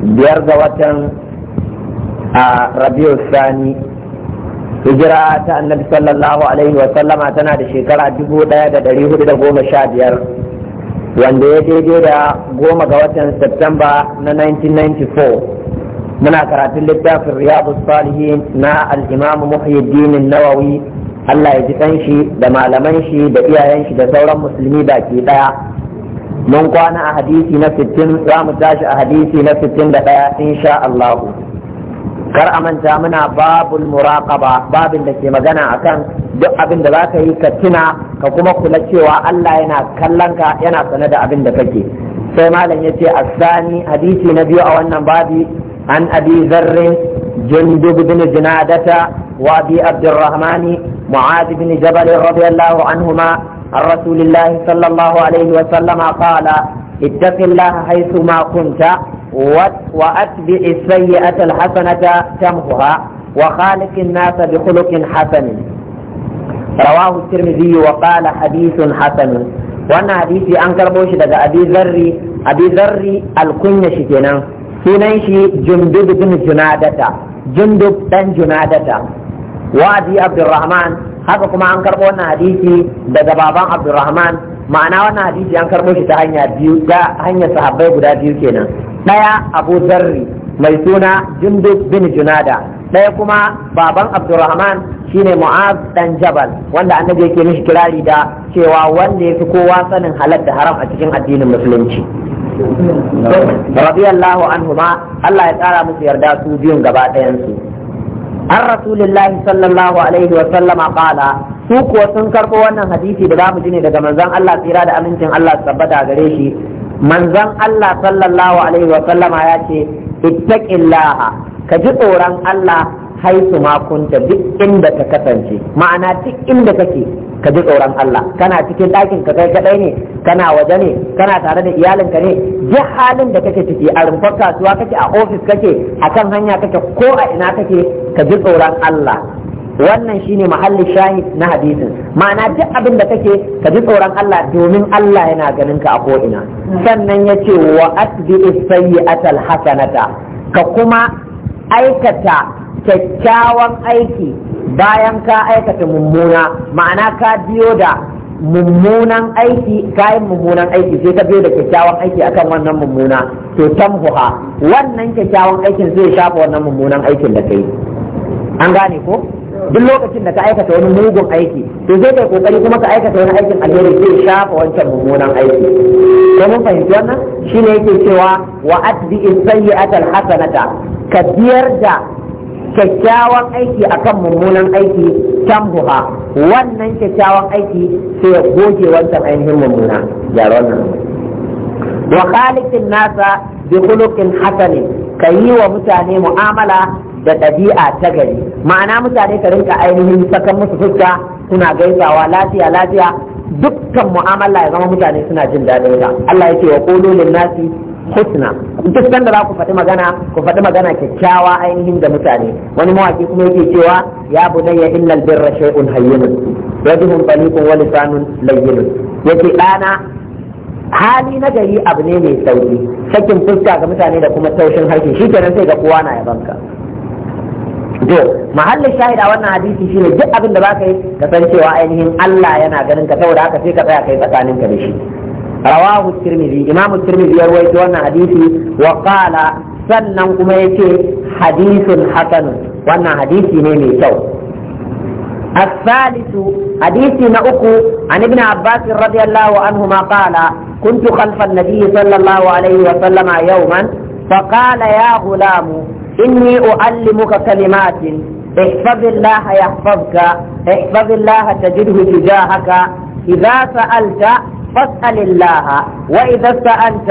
biyar ga watan a rabiu sani hijira ta annabi sallallahu alaihi wa sallama tana da shekara dubu ɗaya da ɗari hudu da goma sha biyar wanda ya daidai da goma ga watan Septemba na 1994 muna karatun littafin riyadu salihin na al'imamu muhyiddin nawawi Allah ya ji kanshi da malaman shi da iyayen shi da sauran musulmi baki ɗaya mun kwana a hadisi na 60 za mu tashi a hadisi na 61 insha Allah kar a manta muna babul muraqaba babin da ke magana akan duk abin da za ka yi ka tuna ka kuma kula cewa Allah yana kallon ka yana sane da abin da kake sai malam yace asani hadisi na biyu a wannan babi an abi zarrin jundub bin junadata wa abi abdurrahman mu'adh bin jabal radiyallahu anhuma عن رسول الله صلى الله عليه وسلم قال اتق الله حيث ما كنت واتبع السيئة الحسنة تمحها وخالق الناس بخلق حسن رواه الترمذي وقال حديث حسن وانا حديثي انكر بوش دقى ابي ذري ابي ذري الكنية شكينا سنيشي جندب بن جنادة جندب بن جنادة وابي عبد الرحمن haka kuma an karɓo wannan hadisi daga baban abdurrahman ma'ana wannan hadisi an karɓo shi ta hanya biyu ga hanyar sahabbai guda biyu kenan ɗaya abu zarri mai suna jundub bin junada ɗaya kuma baban abdurrahman shine mu'az dan jabal wanda annabi yake mishi kirari da cewa wanda ya fi kowa sanin halal da haram a cikin addinin musulunci radiyallahu anhuma Allah ya tsara musu yarda su biyun gaba ɗayan su an rasulillahi sallallahu alaihi wa sallama kala su kuwa sun karɓo wannan hadisi da zamu ji ne daga manzon Allah tsira da amincin Allah tabbata gare shi manzon Allah sallallahu alaihi wa sallama ya ce ittaqillaha ka ji tsoron Allah haisu makunta duk inda ka kasance ma'ana duk inda kake ka ji tsoron Allah kana cikin ɗakin ka kai kaɗai ne kana waje ne kana tare da iyalinka ne duk halin da kake ciki a rumfar kasuwa kake a ofis kake a kan hanya kake ko a ina kake ka ji tsoron Allah wannan shine mahallin shahid na hadisin ma'ana duk abin da kake ka ji tsoron Allah domin Allah yana ganin ka a ko'ina sannan ya ce wa atbi'is sayyi'atal hasanata ka kuma aikata kyakkyawan aiki bayan ka aikata mummuna ma'ana ka biyo da mummunan aiki kayan mummunan aiki sai ka biyo da kyakkyawan aiki akan wannan mummuna to tamhuha wannan kyakkyawan aikin zai shafa wannan mummunan aikin da kai an gane ko duk lokacin da ka aikata wani mugun aiki to zai kai kokari kuma ka aikata wani aikin alheri zai shafa wancan mummunan aiki ko mun fahimci wannan shine yake cewa wa atbi sayyi'ata hasanata ka biyar da kyakkyawan aiki akan mummunan aiki tambuha wannan kyakkyawan aiki sai ya goge wancan ainihin mummuna gyara wannan wa khaliqin nasa bi khuluqin hasanin kayi wa mutane mu'amala da ɗabi'a ta gari ma'ana mutane ka rinka ainihin sakan musu fuska suna gaisawa lafiya lafiya dukkan mu'amala ya zama mutane suna jin daɗin ta Allah yake wa qulu lin nasi husna duk sanda za ku faɗi magana ku faɗi magana kyakkyawa ainihin da mutane wani mawaki kuma yake cewa ya bunayya innal birra shay'un hayyinun wajhun taliqun wa lisanun layyinun yake ɗana hali na gari abu ne mai sauki sakin fuska ga mutane da kuma taushin harshe shi kenan sai ga kowa na yabanka do mahallin shahida wannan hadisi shine duk abin da baka ka san cewa ainihin Allah yana ganin ka saboda haka sai ka tsaya kai tsakanin ka da shi rawahu tirmidhi imamu tirmidhi ya wannan hadisi wa qala sannan kuma yace hadisin hasanu wannan hadisi ne mai kyau الثالث حديث نأكو عن ابن عباس رضي الله عنهما قال كنت خلف النبي صلى الله عليه وسلم يوما فقال يا غلام إني أعلمك كلمات احفظ الله يحفظك احفظ الله تجده تجاهك إذا سألت فاسأل الله وإذا سألت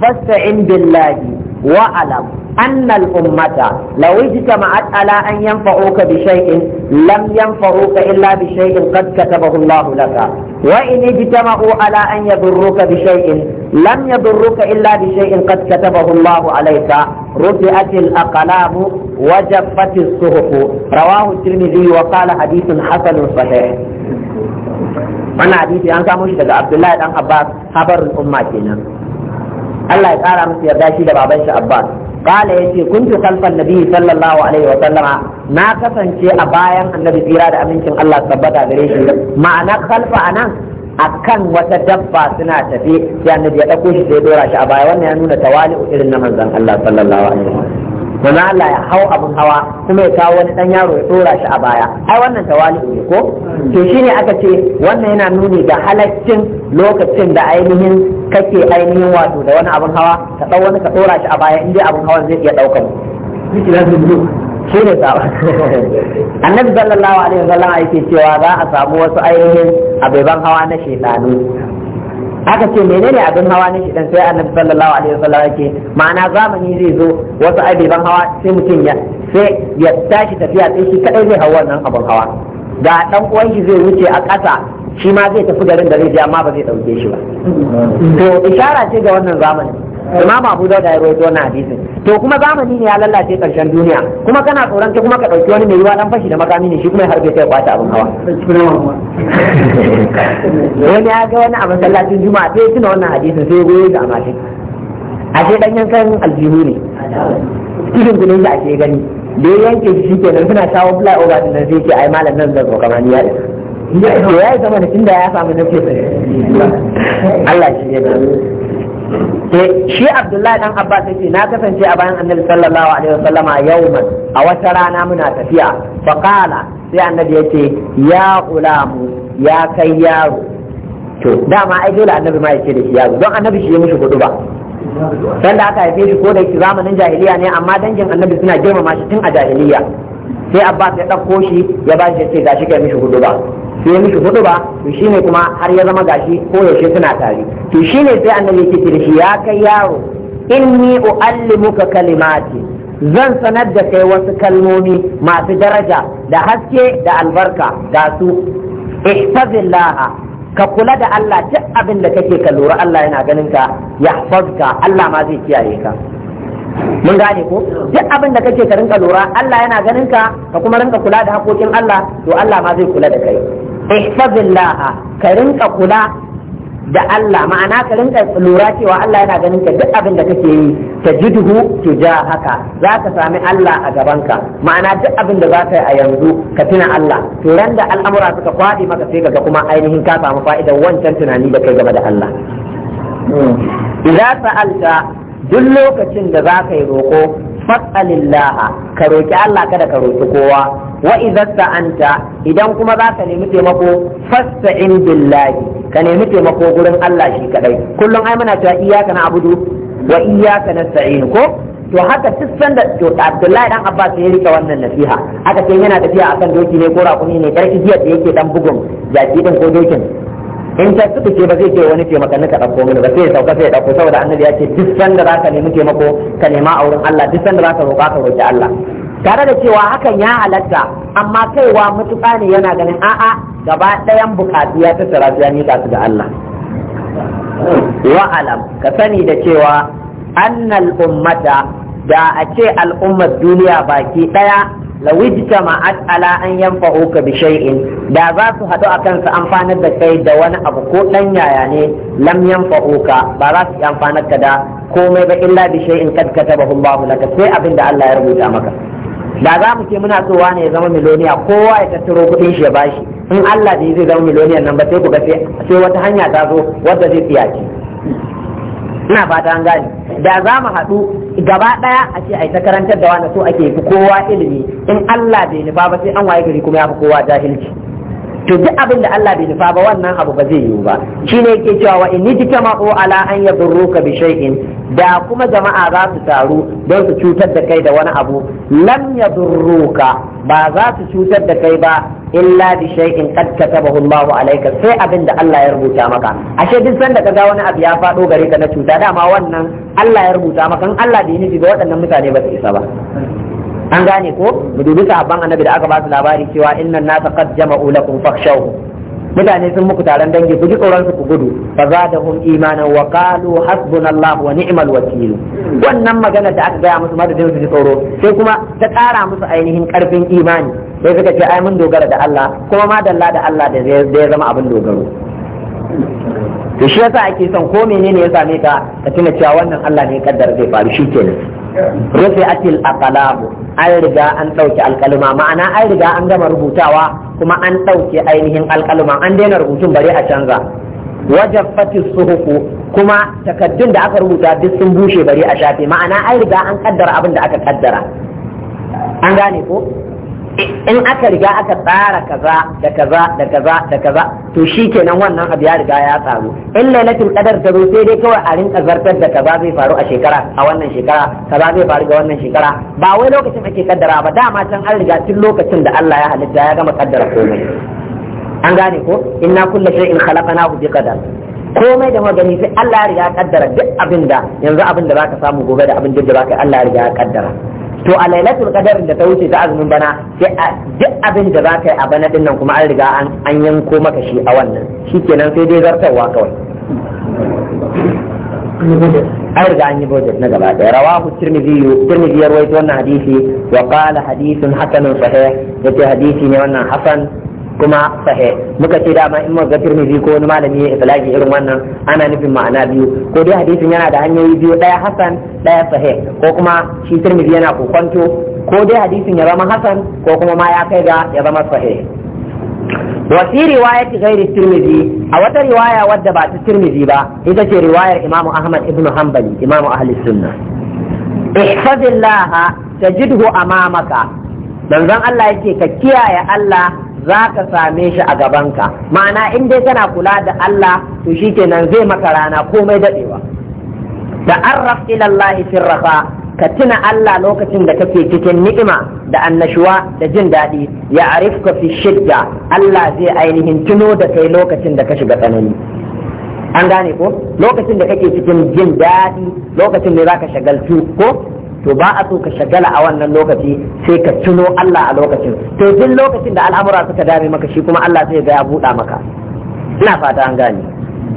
فاستعن بالله واعلم أن الأمة لو اجتمعت على أن ينفعوك بشيء لم ينفعوك إلا بشيء قد كتبه الله لك وإن اجتمعوا على أن يضروك بشيء lam Ruka illa bi shay'in qad katabahu Allahu alayka rufi'at al-aqlam wa jaffat as-suhuf rawahu at-Tirmidhi wa qala hadithun hasan sahih wannan hadisi an samu shi daga Abdullahi dan Abbas habarul umma Allah ya kara musu yarda shi da baban shi Abbas قال يتي كنت خلف النبي صلى الله عليه وسلم na kasance a bayan annabi tsira da amincin Allah tabbata gare shi ma'ana kalfa anan akan wata dabba suna tafi sai annabi ya ɗauko shi sai dora shi a baya wannan ya nuna tawali'u irin na manzan Allah sallallahu alaihi sallam manzon Allah ya hau abun hawa kuma ya kawo wani dan yaro ya dora shi a baya ai wannan tawali'u ne ko to shine aka ce wannan yana nuni da halaccin lokacin da ainihin kake ainihin wato da wani abun hawa ka dau wani ka dora shi a baya in dai abun hawa zai iya daukan shi ne annabi sallallahu alaihi sallam yake cewa za a samu wasu ainihin abeban hawa na shekaru aka ce menene abin hawa na shi dan sai annabi sallallahu alaihi wasallam yake ma'ana zamani zai zo wasu abeban hawa sai mutum ya sai ya tashi tafiya sai shi kadai zai hawa wannan abin hawa ga dan uwan shi zai wuce a ƙasa shi ma zai tafi garin da zai je amma ba zai dauke shi ba to ishara ce ga wannan zamani. ba abu da ya rawaito wannan hadisin to kuma zamani ne ya lallace karshen duniya kuma kana tsoron kuma ka dauki wani mai yiwa dan fashi da makami ne shi kuma har bai kai kwata abin hawa wani ya ga wani a masallacin juma'a sai tuna wannan hadisin sai goyi da amashi ashe dan yankan aljihu ne cikin gudun da ake gani da ya yanke shi nan suna shawo fly over din nan sai ke ai malam nan da zo ni ya ya zama da tunda ya samu nake Allah shi ne Eh, shi abdullahi dan abbas yace na kasance a bayan annabi sallallahu alaihi wasallam man a wata rana muna tafiya fa qala sai annabi yace ya ulamu ya kai yaro to dama ai dole annabi ma yake da shi yaro don annabi shi ya mushi gudu ba dan da aka haife shi ko da zamanin jahiliya ne amma dangin annabi suna girmama shi tun a jahiliya sai abbas ya ɗauko shi ya ba shi ya ce gashi kai mushi gudu ba sai mishi hudu ba to shine kuma har ya zama gashi ko yaushe suna tare to shine sai annabi yake da shi ya kai yaro inni uallimuka kalimati zan sanar da kai wasu kalmomi masu daraja da haske da albarka ga su ihfazillah ka kula da Allah duk abin da kake ka lura Allah yana ganin ka yahfazka Allah ma zai kiyaye ka mun gane ko duk abin da kake ka rinka lura Allah yana ganin ka ka kuma rinka kula da hakokin Allah to Allah ma zai kula da kai ihfazillaha ka rinka kula da Allah ma'ana ka rinka lura cewa Allah yana ganin ka duk abin da kake yi ja haka za ka sami Allah a gabanka ma'ana duk abin da za ka yi a yanzu ka tuna Allah to ran da al'amura suka kwadi maka sai ga kuma ainihin ka samu fa'idar wancan tunani da kai game da Allah hmm. idza sa'alta duk lokacin da za ka yi roko fas'alillah ka roki Allah kada ka roki kowa wa idza sa'anta idan kuma za ka nemi taimako fasta'in billahi ka nemi taimako gurin Allah shi kadai kullum ai muna cewa iyyaka na'budu wa iyyaka nasta'in ko to haka duk sanda to Abdullahi dan Abbas ya rika wannan nasiha aka ce yana tafiya akan doki ne ko rakuni ne karki jiya da yake dan bugun jaki din ko dokin in ta suka ce ba zai ce wani taimakon ka ɗauko mini ba sai ya sauka sai ya ɗauko saboda annabi ya ce duk sanda za ka nemi taimako ka nema a wurin Allah duk sanda za ka roƙa ka roƙi Allah tare da cewa hakan ya halatta amma kaiwa mutuka ne yana ganin a'a gaba ɗayan bukatu ya tattara su ya miƙa su ga Allah wa alam ka sani da cewa annal ummata da a ce al'ummar duniya baki ɗaya lawijta ma'at ala an yanfa'uka bi shay'in da za su haɗu a kansu amfanar da kai da wani abu ko ɗan yaya ne lam yanfa'uka ba za su amfanar ka da komai ba illa bi shay'in kad katabahu Allahu laka sai abin da Allah ya rubuta maka da za mu ce muna so wani ya zama miloniya kowa ya tattaro kuɗin shi ya bashi in Allah da zai zama miloniyan nan ba sai ku ga sai wata hanya ta zo wadda zai tsiyaci ina fata an gane da za mu haɗu gaba ɗaya a ce ai ta karantar da wani so ake fi kowa ilimi in Allah bai nufa ba sai an waye gari kuma ya fi kowa jahilci to duk abin da Allah bai nufa ba wannan abu ba zai yiwu ba shine yake cewa wa in jitama'u ala an yadurruka bi shay'in da kuma jama'a za su taru don su cutar da kai da wani abu lam yadurruka ba za su cutar da kai ba illa bi shay'in qad katabahu Allah alayka sai abin da Allah ya rubuta maka ashe duk sanda ga wani abu ya fado gare ka na cuta dama wannan Allah ya rubuta maka in Allah bai nufi ga waɗannan mutane ba su isa ba an gane ko mu dubi sahabban annabi da aka ba su labari cewa innan nasa qad jama'u lakum fakhshawhu mutane sun muku taron dangi ku ji tsoron su ku gudu fa zadahum imanan wa qalu hasbunallahu wa ni'mal wakil wannan magana da aka gaya musu madadin su ji tsoro sai kuma ta ƙara musu ainihin ƙarfin imani sai suka ce ai mun dogara da Allah kuma ma dalla da Allah da zai zama abin dogaro to shi yasa ake son ko menene ya same ka ka tuna cewa wannan Allah ne kaddara zai faru shikenan rufi atil aqlabu an riga an dauke alkalma ma'ana an riga an gama rubutawa kuma an dauke ainihin alkalma an daina rubutun bare a canza wajaffatis suhufu kuma takaddun da aka rubuta duk sun bushe bare a shafe ma'ana an riga an kaddara abin da aka kaddara an gane ko in aka riga aka tsara kaza da kaza da kaza da kaza to shi kenan wannan abu ya riga ya tsaro in lailatul qadar ta zo sai dai kawai a rinka zartar da kaza zai faru a shekara a wannan shekara kaza zai faru ga wannan shekara ba wai lokacin ake kaddara ba dama can an riga tun lokacin da Allah ya halitta ya gama kaddara komai an gane ko inna kullu shay'in khalaqnahu bi qadar komai da magani sai Allah ya riga ya kaddara duk abinda yanzu abinda zaka samu gobe da abin da zaka Allah ya riga ya kaddara to a lailatul qadar da ta wuce ta azumin bana sai a duk abin da za ka yi a bana din nan kuma an riga an yanko maka shi a wannan shikenan sai dai zartarwa kawai an riga an yi budget na gaba daya rawa tirmidhi tirmidhi ya rawaito wannan hadisi wa qala hadithun hasanun sahih yace hadisi ne wannan hasan kuma sahe muka ce dama in muka ga tirmidhi ko wani malami ya islaki irin wannan ana nufin ma'ana biyu ko dai hadisin yana da hanyoyi biyu daya hasan daya sahe ko kuma shi tirmidhi yana kokonto ko dai hadisin ya zama hasan ko kuma ma ya kai ga ya zama sahe wa fi riwayati ghairi tirmidhi a wata riwaya wadda ba ta tirmidhi ba ita ce riwayar imam ahmad ibn hanbali imam ahli sunna ihfazillaha tajidhu amamaka manzon Allah yake ka kiyaye Allah za ka same shi a gabanka ma'ana in dai kana kula da Allah to shi kenan zai maka rana komai daɗewa da arraf ilallahi firrafa ka tuna Allah lokacin da kake cikin ni'ima da annashuwa da jin daɗi ya arifka fi shidda Allah zai ainihin tuno da kai lokacin da ka shiga tsanani an gane ko lokacin da kake cikin jin daɗi lokacin ne zaka shagaltu ko to ba a so ka shagala a wannan lokaci sai ka tuno Allah a lokacin to duk lokacin da al'amura suka dame maka shi kuma Allah zai ga ya buɗa maka ina fata an gane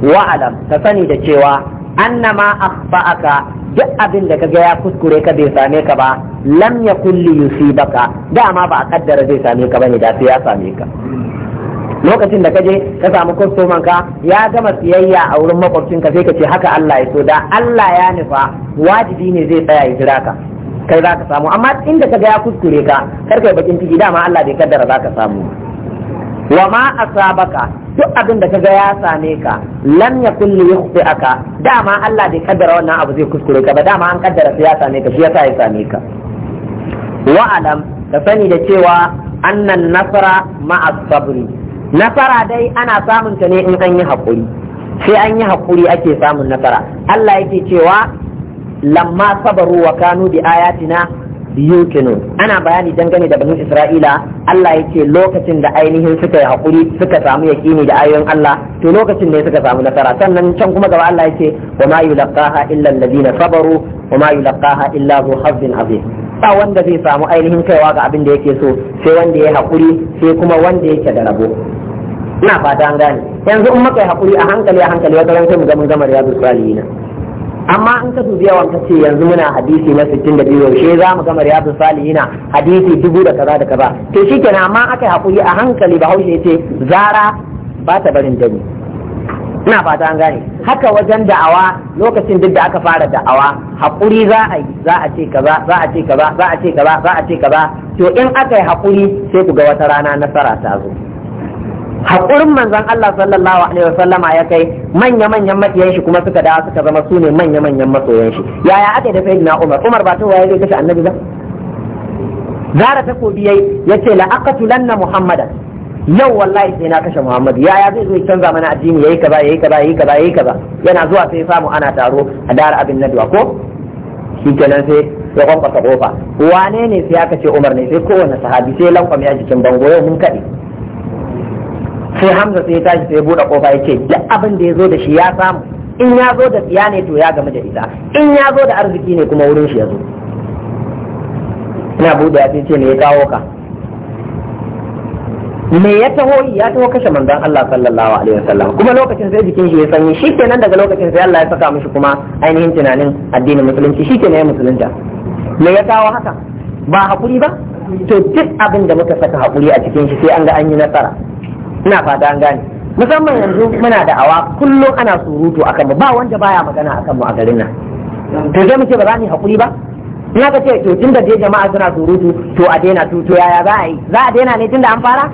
wa alam ka sani da cewa annama akhfa'aka duk abin da kaga ya kuskure ka bai same ka ba lam yakul li yusibaka dama ba a kaddara zai same ka bane da sai ya same ka lokacin da kaje ka samu kwastoman ka ya gama siyayya a wurin makwabcin ka sai ka ce haka Allah ya so da Allah ya nufa wajibi ne zai tsaya ya jira ka kai za ka samu amma inda ka ga ya kuskure ka kar kai bakin ciki dama Allah bai kaddara za ka samu wa ma asabaka duk abin da kaga ya same ka lam yakun li yukhti'aka dama Allah bai kaddara wannan abu zai kuskure ka ba dama an kaddara sai ya same ka shi yasa ya same ka wa alam ka sani da cewa annan nasara ma'a sabri nasara dai ana samun ta ne in an yi haƙuri sai an yi haƙuri ake samun nasara Allah yake cewa lamma sabaru wa kanu bi ayatina yukinu ana bayani dangane da banu Isra'ila Allah yake lokacin da ainihin suka yi haƙuri suka samu yaƙini da ayoyin Allah to lokacin ne suka samu nasara sannan can kuma gaba Allah yake wa ma yulqaha illa alladhina sabaru wa ma yulqaha illa zu hazzin azim ba wanda zai samu ainihin kaiwa ga abin da yake so sai wanda ya haƙuri sai kuma wanda yake da rabo ina fata an gane yanzu in muka yi haƙuri a hankali a hankali wata ran sai mu ga mun gama riyadu salihin amma in ka dubi yawan ka ce yanzu muna hadisi na 62 yaushe za mu gama riyadu salihin hadisi dubu da kaza da kaza to shikenan amma aka yi haƙuri a hankali bahaushe ya ce zara ba ta barin dani ina fata an gane haka wajen da'awa lokacin duk da aka fara da'awa haƙuri za a yi za a ce kaza za a ce kaza za a ce kaza za a ce kaza to in aka yi haƙuri sai ku ga wata rana nasara ta zo haƙurin manzon Allah sallallahu alaihi wasallama ya kai manya manyan makiyan shi kuma suka dawo suka zama sune manya manyan masoyan shi yaya aka yi da sayyidina Umar Umar ba ta waye zai kashe annabi ba zara takobi yayi yace la aqatulanna muhammadan yau wallahi sai na kashe Muhammadu yaya zai zo ya canza mana addini yayi kaza yayi kaza yayi kaza yayi kaza yana zuwa sai ya samu ana taro a dar abin nadwa ko shikenan sai ya kwankwasa kofa wane ne sai aka ce Umar ne sai kowanne sahabi sai lankwame a jikin bango yau mun kade sai Hamza sai ya tashi sai ya bude kofa ya ce duk abin da ya zo da shi ya samu in ya zo da tsiya ne to ya gama da ita in ya zo da arziki ne kuma wurin shi ya zo ina bude ya ce ne ya kawo ka me ya taho ya taho kashe manzon Allah sallallahu alaihi wasallam kuma lokacin sai jikin shi ya sanyi shikenan daga lokacin sai Allah ya saka mishi kuma ainihin tunanin addinin musulunci shikenan ya musulunta me ya kawo haka ba hakuri ba to duk abin da muka saka hakuri a cikin shi sai an ga an yi nasara ina fata an gane musamman yanzu muna da awa kullum ana surutu akan mu ba wanda baya magana akan mu a garin nan to sai mu ce ba za mu hakuri ba ina ka ce to tunda da jama'a suna surutu to a daina to yaya za a yi za a daina ne tunda an fara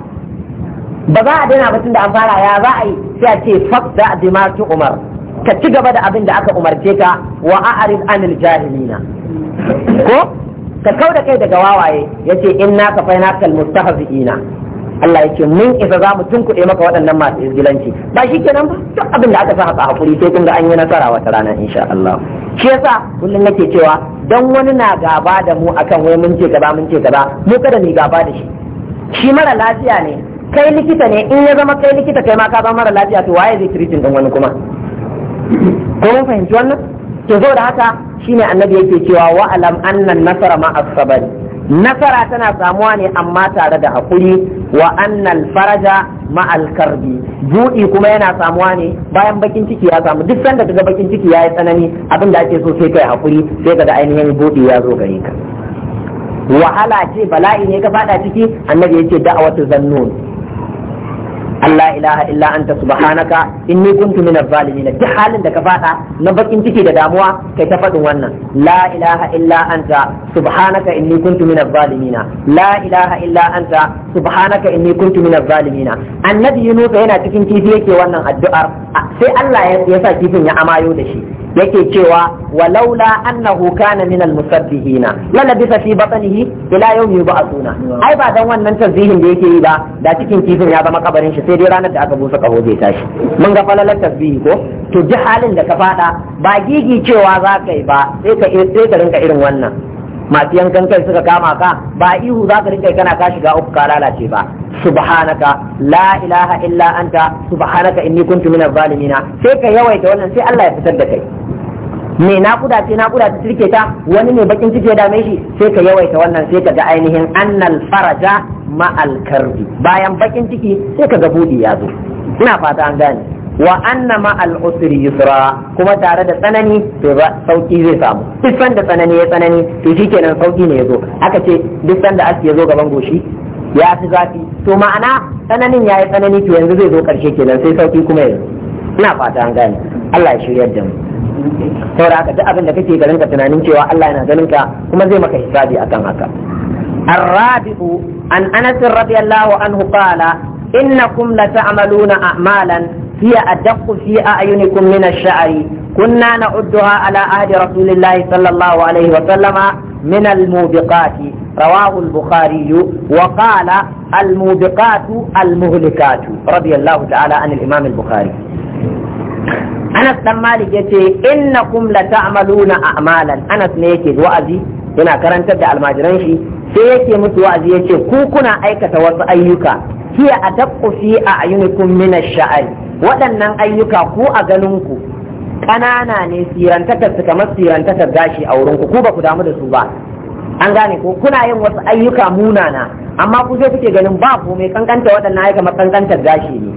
ba za a daina batun da an fara ya za a yi sai a ce fafda dimatu umar ka ci gaba da abin da aka umarce ka wa a'rid anil jahilina ko ka kau da kai daga wawaye yace inna ka faina kal mustahzi'ina Allah ce mun isa za mu tunkuɗe maka waɗannan masu izgilanci ba shi kenan ba duk abin da aka sa haka hakuri sai kun ga an yi nasara wata rana insha Allah shi yasa kullum nake cewa dan wani na gaba da mu akan wai mun ce gaba mun ce gaba, mu kada mu gaba da shi shi mara lafiya ne kai likita ne in ya zama kai likita kai ma ka zama mara lafiya to waye zai treating din wani kuma ko mun fahimci wannan to zo da haka shine annabi yake cewa wa alam annan nasara ma as-sabr nasara tana samuwa ne amma tare da hakuri wa annal faraja ma al-karbi buɗi kuma yana samuwa ne bayan bakin ciki ya samu duk sanda daga bakin ciki yayi tsanani abin da ake so sai kai hakuri sai kaga ainihin buɗi ya zo gare ka wahala ce bala'i ne ka fada ciki annabi yace da'awatu zannun Allah ilaha illa anta subhanaka inni kuntu minaz zalimin duk halin da ka fada na bakin ciki da damuwa kai ta fadin wannan la ilaha illa anta subhanaka inni kuntu minaz zalimin la ilaha illa anta subhanaka inni kuntu zalimin annabi yunus yana cikin kifi yake wannan addu'ar sai Allah ya sa kifin ya amayo da shi yake cewa walaula annahu kana min almusabbihina la labisa fi batnihi ila yawmi yub'athuna ai ba dan wannan tasbihin da yake yi ba da cikin kifin ya zama kabarin shi sai dai ranar da aka busa kaho zai tashi mun ga falalar tasbihi ko to ji halin da ka fada ba gigi cewa za ka yi ba sai ka sai ka rinka irin wannan masu yankan kai suka kama ka ba ihu za ka rinka kana ka shiga uku ka lalace ba subhanaka la ilaha illa anta subhanaka inni kuntu minaz zalimina sai ka yawaita wannan sai Allah ya fitar da kai mai nakuda ce nakuda ta cirke ta wani ne bakin ciki ya dame shi sai ka yawaita wannan sai ka ga ainihin annal faraja ma'al karbi bayan bakin ciki sai ka ga budi ya zo ina fata an gane wa anna ma'al usri yusra kuma tare da tsanani to sauki zai samu duk sanda tsanani ya tsanani to shikenan sauki ne ya zo aka ce duk sanda aski ya zo gaban goshi ya fi zafi to ma'ana tsananin ya yi tsanani to yanzu zai zo karshe kenan sai sauki kuma ya zo ina fata an gane Allah ya shiryar da mu saboda haka duk abin da kake garin ka tunanin cewa Allah yana ganin ka kuma zai maka hisabi akan haka الرابع عن أنس رضي الله عنه قال إنكم لتعملون أعمالا هي أدق في أعينكم من الشعر كنا نعدها على عهد رسول الله صلى الله عليه وسلم من الموبقات رواه البخاري وقال الموبقات المهلكات رضي الله تعالى عن الإمام البخاري Anas dan Malik yace innakum lata'maluna a'malan Anas ne yake wa'azi yana karantar da almajiran shi sai yake musu wa'azi yace ku kuna aikata wasu ayyuka hiya ataqqu fi a'yunikum min ash-sha'r waɗannan ayyuka ku a ganin ku ƙanana ne sirantakar su kamar gashi a wurin ku ku ba ku damu da su ba an gane ko kuna yin wasu ayyuka munana amma ku sai kuke ganin ba ku mai kankanta waɗannan ayyuka kankantar gashi ne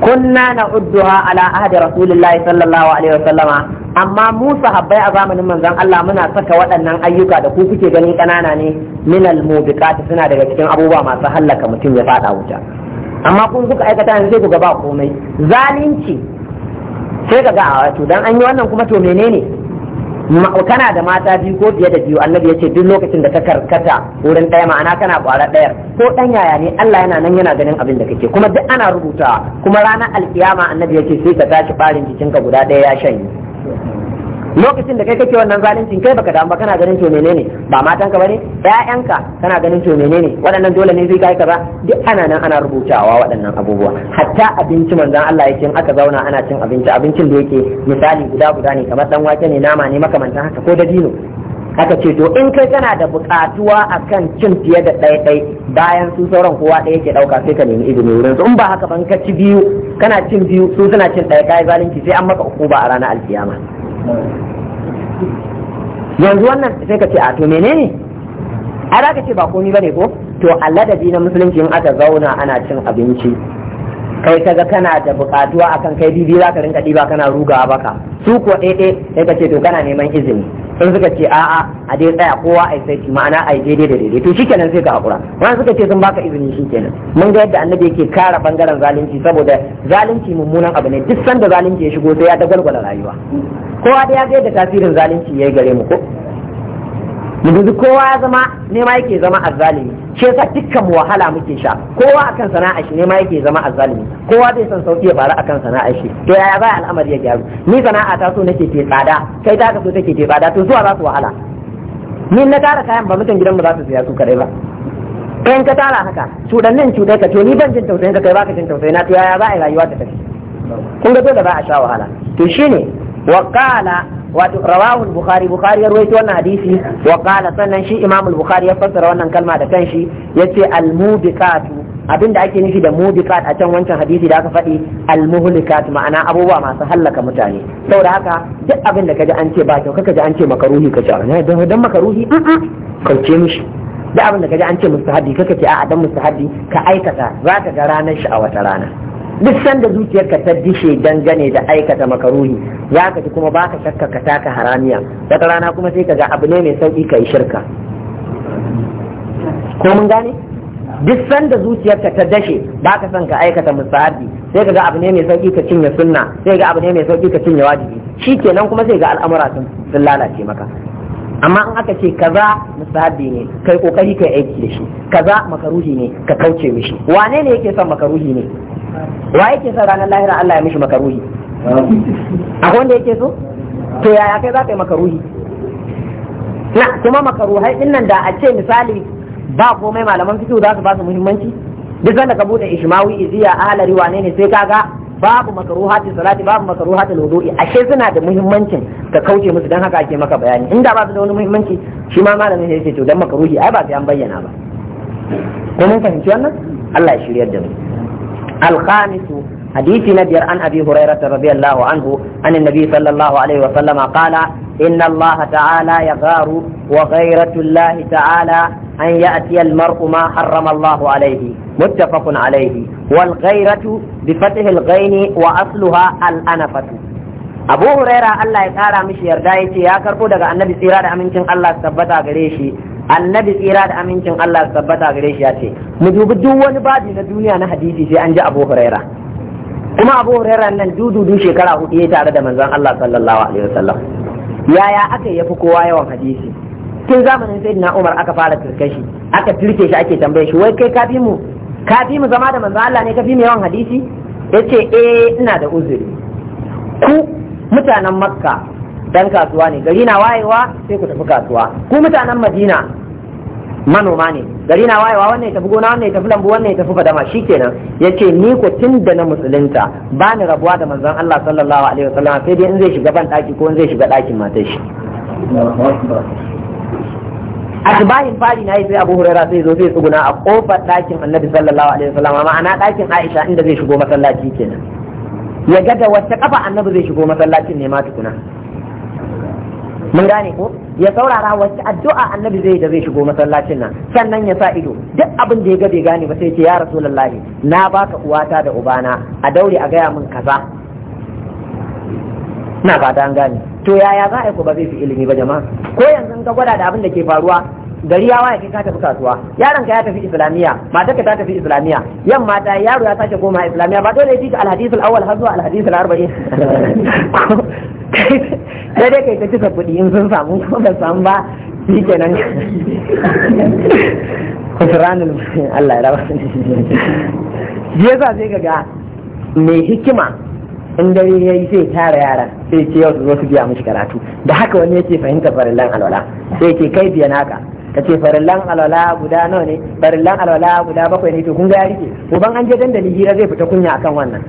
kunna na udduha ala ahdi rasulillahi sallallahu alaihi wasallama amma mu sahabbai a zamanin manzon Allah muna saka waɗannan ayyuka da ku kuke ganin ƙanana ne minal mubiqat suna daga cikin abubuwa masu hallaka mutum ya fada wuta amma kun kuka aikata yanzu sai ku gaba komai zalunci sai kaga a wato dan an yi wannan kuma to menene kana da mata biyu ko biyar da biyu annabi ya ce duk lokacin da ka karkata wurin ɗaya ma'ana kana ƙwara ɗayar ko ɗan yaya ne Allah yana nan yana ganin abin da kake kuma duk ana rubutawa kuma ranar alkiyama annabi ya ce sai ka tashi ɓarin jikinka guda ɗaya ya shanye lokacin da kai kake wannan zaluncin kai baka damu ba kana ganin to menene ba matanka bane ƴaƴanka kana ganin to menene waɗannan dole ne zai kai kaza duk ana nan ana rubutawa waɗannan abubuwa hatta abinci manzon Allah yake in aka zauna ana cin abinci abincin da yake misali guda guda ne kamar dan wake ne nama ne makamantan haka ko da dino aka ce to in kai kana da buƙatuwa akan cin fiye da ɗaya ɗai bayan su sauran kowa ɗaya yake ɗauka sai ka nemi izini wurin su in ba haka ban ka ci biyu kana cin biyu su suna cin ɗaya kai zalunci sai an maka uku ba a ranar alkiyama yanzu wannan sai ka ce a to menene a ka ce ba komi ba ne ko to a ladabi na musulunci in aka zauna ana cin abinci kai ga kana da bukatuwa akan kai bibi za ka rinka ɗiba kana rugawa baka su ko ɗaiɗe sai ka ce to kana neman izini sun suka ce a'a a dai tsaya kowa a sai ma'ana a yi daidai da daidai to shikenan sai ka hakura wani suka ce sun baka izini shikenan mun ga yadda annabi yake kara bangaren zalunci saboda zalunci mummunan abu ne duk sanda zalunci ya shigo sai ya dagwalgwala rayuwa kowa da ya ga yadda tasirin zalunci ya yi gare mu ko yanzu kowa ya zama nema yake zama azzalimi shi yasa dukkan wahala muke sha kowa akan sana'a shi nema yake zama azzalimi kowa bai san sauki ya faru akan sana'a shi to yaya za al'amari ya gyaru ni sana'a ta so nake ke tsada kai ta ka so take ke tsada to zuwa za su wahala ni na tara kayan ba mutan gidanmu za su siya su kadai ba in ka tara haka cudannin cudai ka to ni ban jin tausayin ka kai ba ka jin tausayin na to yaya za a yi rayuwa ta tafi kun ga dole ba a sha wahala to shine wa qala wato rawahu bukhari bukhari ya rawaito wannan hadisi wa qala sannan shi imam bukhari ya fassara wannan kalma da kanshi yace al mubiqatu abinda ake nufi da mubiqat a can wancan hadisi da aka faɗi al muhlikat ma'ana abubuwa masu hallaka mutane saboda haka duk abin da kaji an ce ba kyau kaka ji an ce makaruhi ka ce dan makaruhi a'a kauce mishi duk abin da kaji an ce mustahabi kaka ce a'a dan mustahabi ka aikata za ka ga ranar shi a wata rana duk sanda zuciyarka ta dishe dangane da aikata makaruhi za ka ji kuma ka shakka ka taka haramiya daga rana kuma sai ka ga abu ne mai sauki ka yi shirka ko mun gane duk sanda zuciyarka ta dashe ka son ka aikata musa'adi, sai ka ga abu ne mai sauki ka cinye sunna sai ga abu ne mai sauki ka cinye wajibi shikenan kuma sai ga al'amura sun lalace maka amma an aka ce kaza musahabi ne kai kokari kai aiki da shi kaza makaruhi ne ka kauce mishi wane ne yake son makaruhi ne wa yake son ranar lahira Allah ya mishi makaruhi akwai wanda yake so to yaya kai za ka yi makaruhi na kuma makaruhai din nan da a ce misali ba komai malaman fito za su ba su muhimmanci duk sanda ka bude ishmawi iziya ahlari wane ne sai kaga babu makaruhatin salati babu makaruhatin wudu'i ashe suna da muhimmancin ka kauce musu dan haka ake maka bayani In ba su da wani muhimmanci shi ma malamin ya ce to dan makaruhi ai ba sai an bayyana ba ko mun fahimci wannan Allah ya shiryar da mu al-khamisu hadisi na biyar an abi hurairah radiyallahu anhu an annabi sallallahu alaihi wa sallama qala inna Allah ta'ala yagharu wa ghayratu Allah ta'ala an ya'ti al-mar'u ma harrama Allahu alayhi muttafaqun alayhi wal bi fathi al wa asluha al-anafatu Abu Huraira Allah ya kara mishi yarda ya ce, ya karbo daga Annabi tsira da amincin Allah tabbata gare shi annabi tsira da amincin Allah su tabbata ya ce mu dubi duk wani babi na duniya na hadisi sai an ji Abu Huraira kuma Abu Huraira nan dududu shekara hudu ya tare da manzan Allah sallallahu alaihi yaya aka yafi kowa yawan hadisi tun zamanin sayyidina Umar aka fara turke shi aka turke shi ake tambaye shi wai kai ka fi mu ka fi mu zama da manzo Allah ne ka fi mu yawan hadisi yace eh ina da uzuri ku mutanen Makka dan kasuwa ne gari na wayewa sai ku tafi kasuwa ku mutanen Madina manoma ne gari na wayewa wannan ya tafi gona wannan ya tafi lambu wannan ya tafi fadama shikenan yace ni ko tun da na musulunta ba ni rabuwa da manzon Allah sallallahu alaihi wasallam sai dai in zai shiga ban daki ko in zai shiga dakin matar shi asbahin fari na yi sai abu huraira sai zo zai tsuguna a kofar ɗakin annabi sallallahu alaihi wasallam ana ɗakin aisha inda zai shigo masallaci kenan ya ga da wata kafa annabi zai shigo masallacin ne ma tukuna mun gane ko ya saurara wacce addu'a annabi zai da zai shigo masallacin nan sannan ya sa ido duk abin da ya ga bai gane ba sai ce ya rasulullahi na baka uwata da ubana a daure a gaya min kaza na fata an gane to yaya za a yi ko ba zai fi ilimi ba jama'a ko yanzu ka gwada da abin da ke faruwa gari ya waye kai ka tafi kasuwa yaron ka ya tafi islamiya matar ka ta tafi islamiya yamma ta yaro ya sake koma islamiya ba dole ji alhadith al-awwal har zuwa alhadith al-arba'in sai dai kai ta cika kuɗi in sun samu ko ba samu ba shi kenan kusuranul Allah ya rabu shi yasa sai ga mai hikima in dare ya yi sai tara yara sai ce yau su zo su biya mishi karatu da haka wani yake fahimta farillan alwala sai ke kai biya naka ka ce farillan alwala guda nawa ne farillan alwala guda bakwai ne to kun ga ya rike ko ban an je dandali hira zai fita kunya akan wannan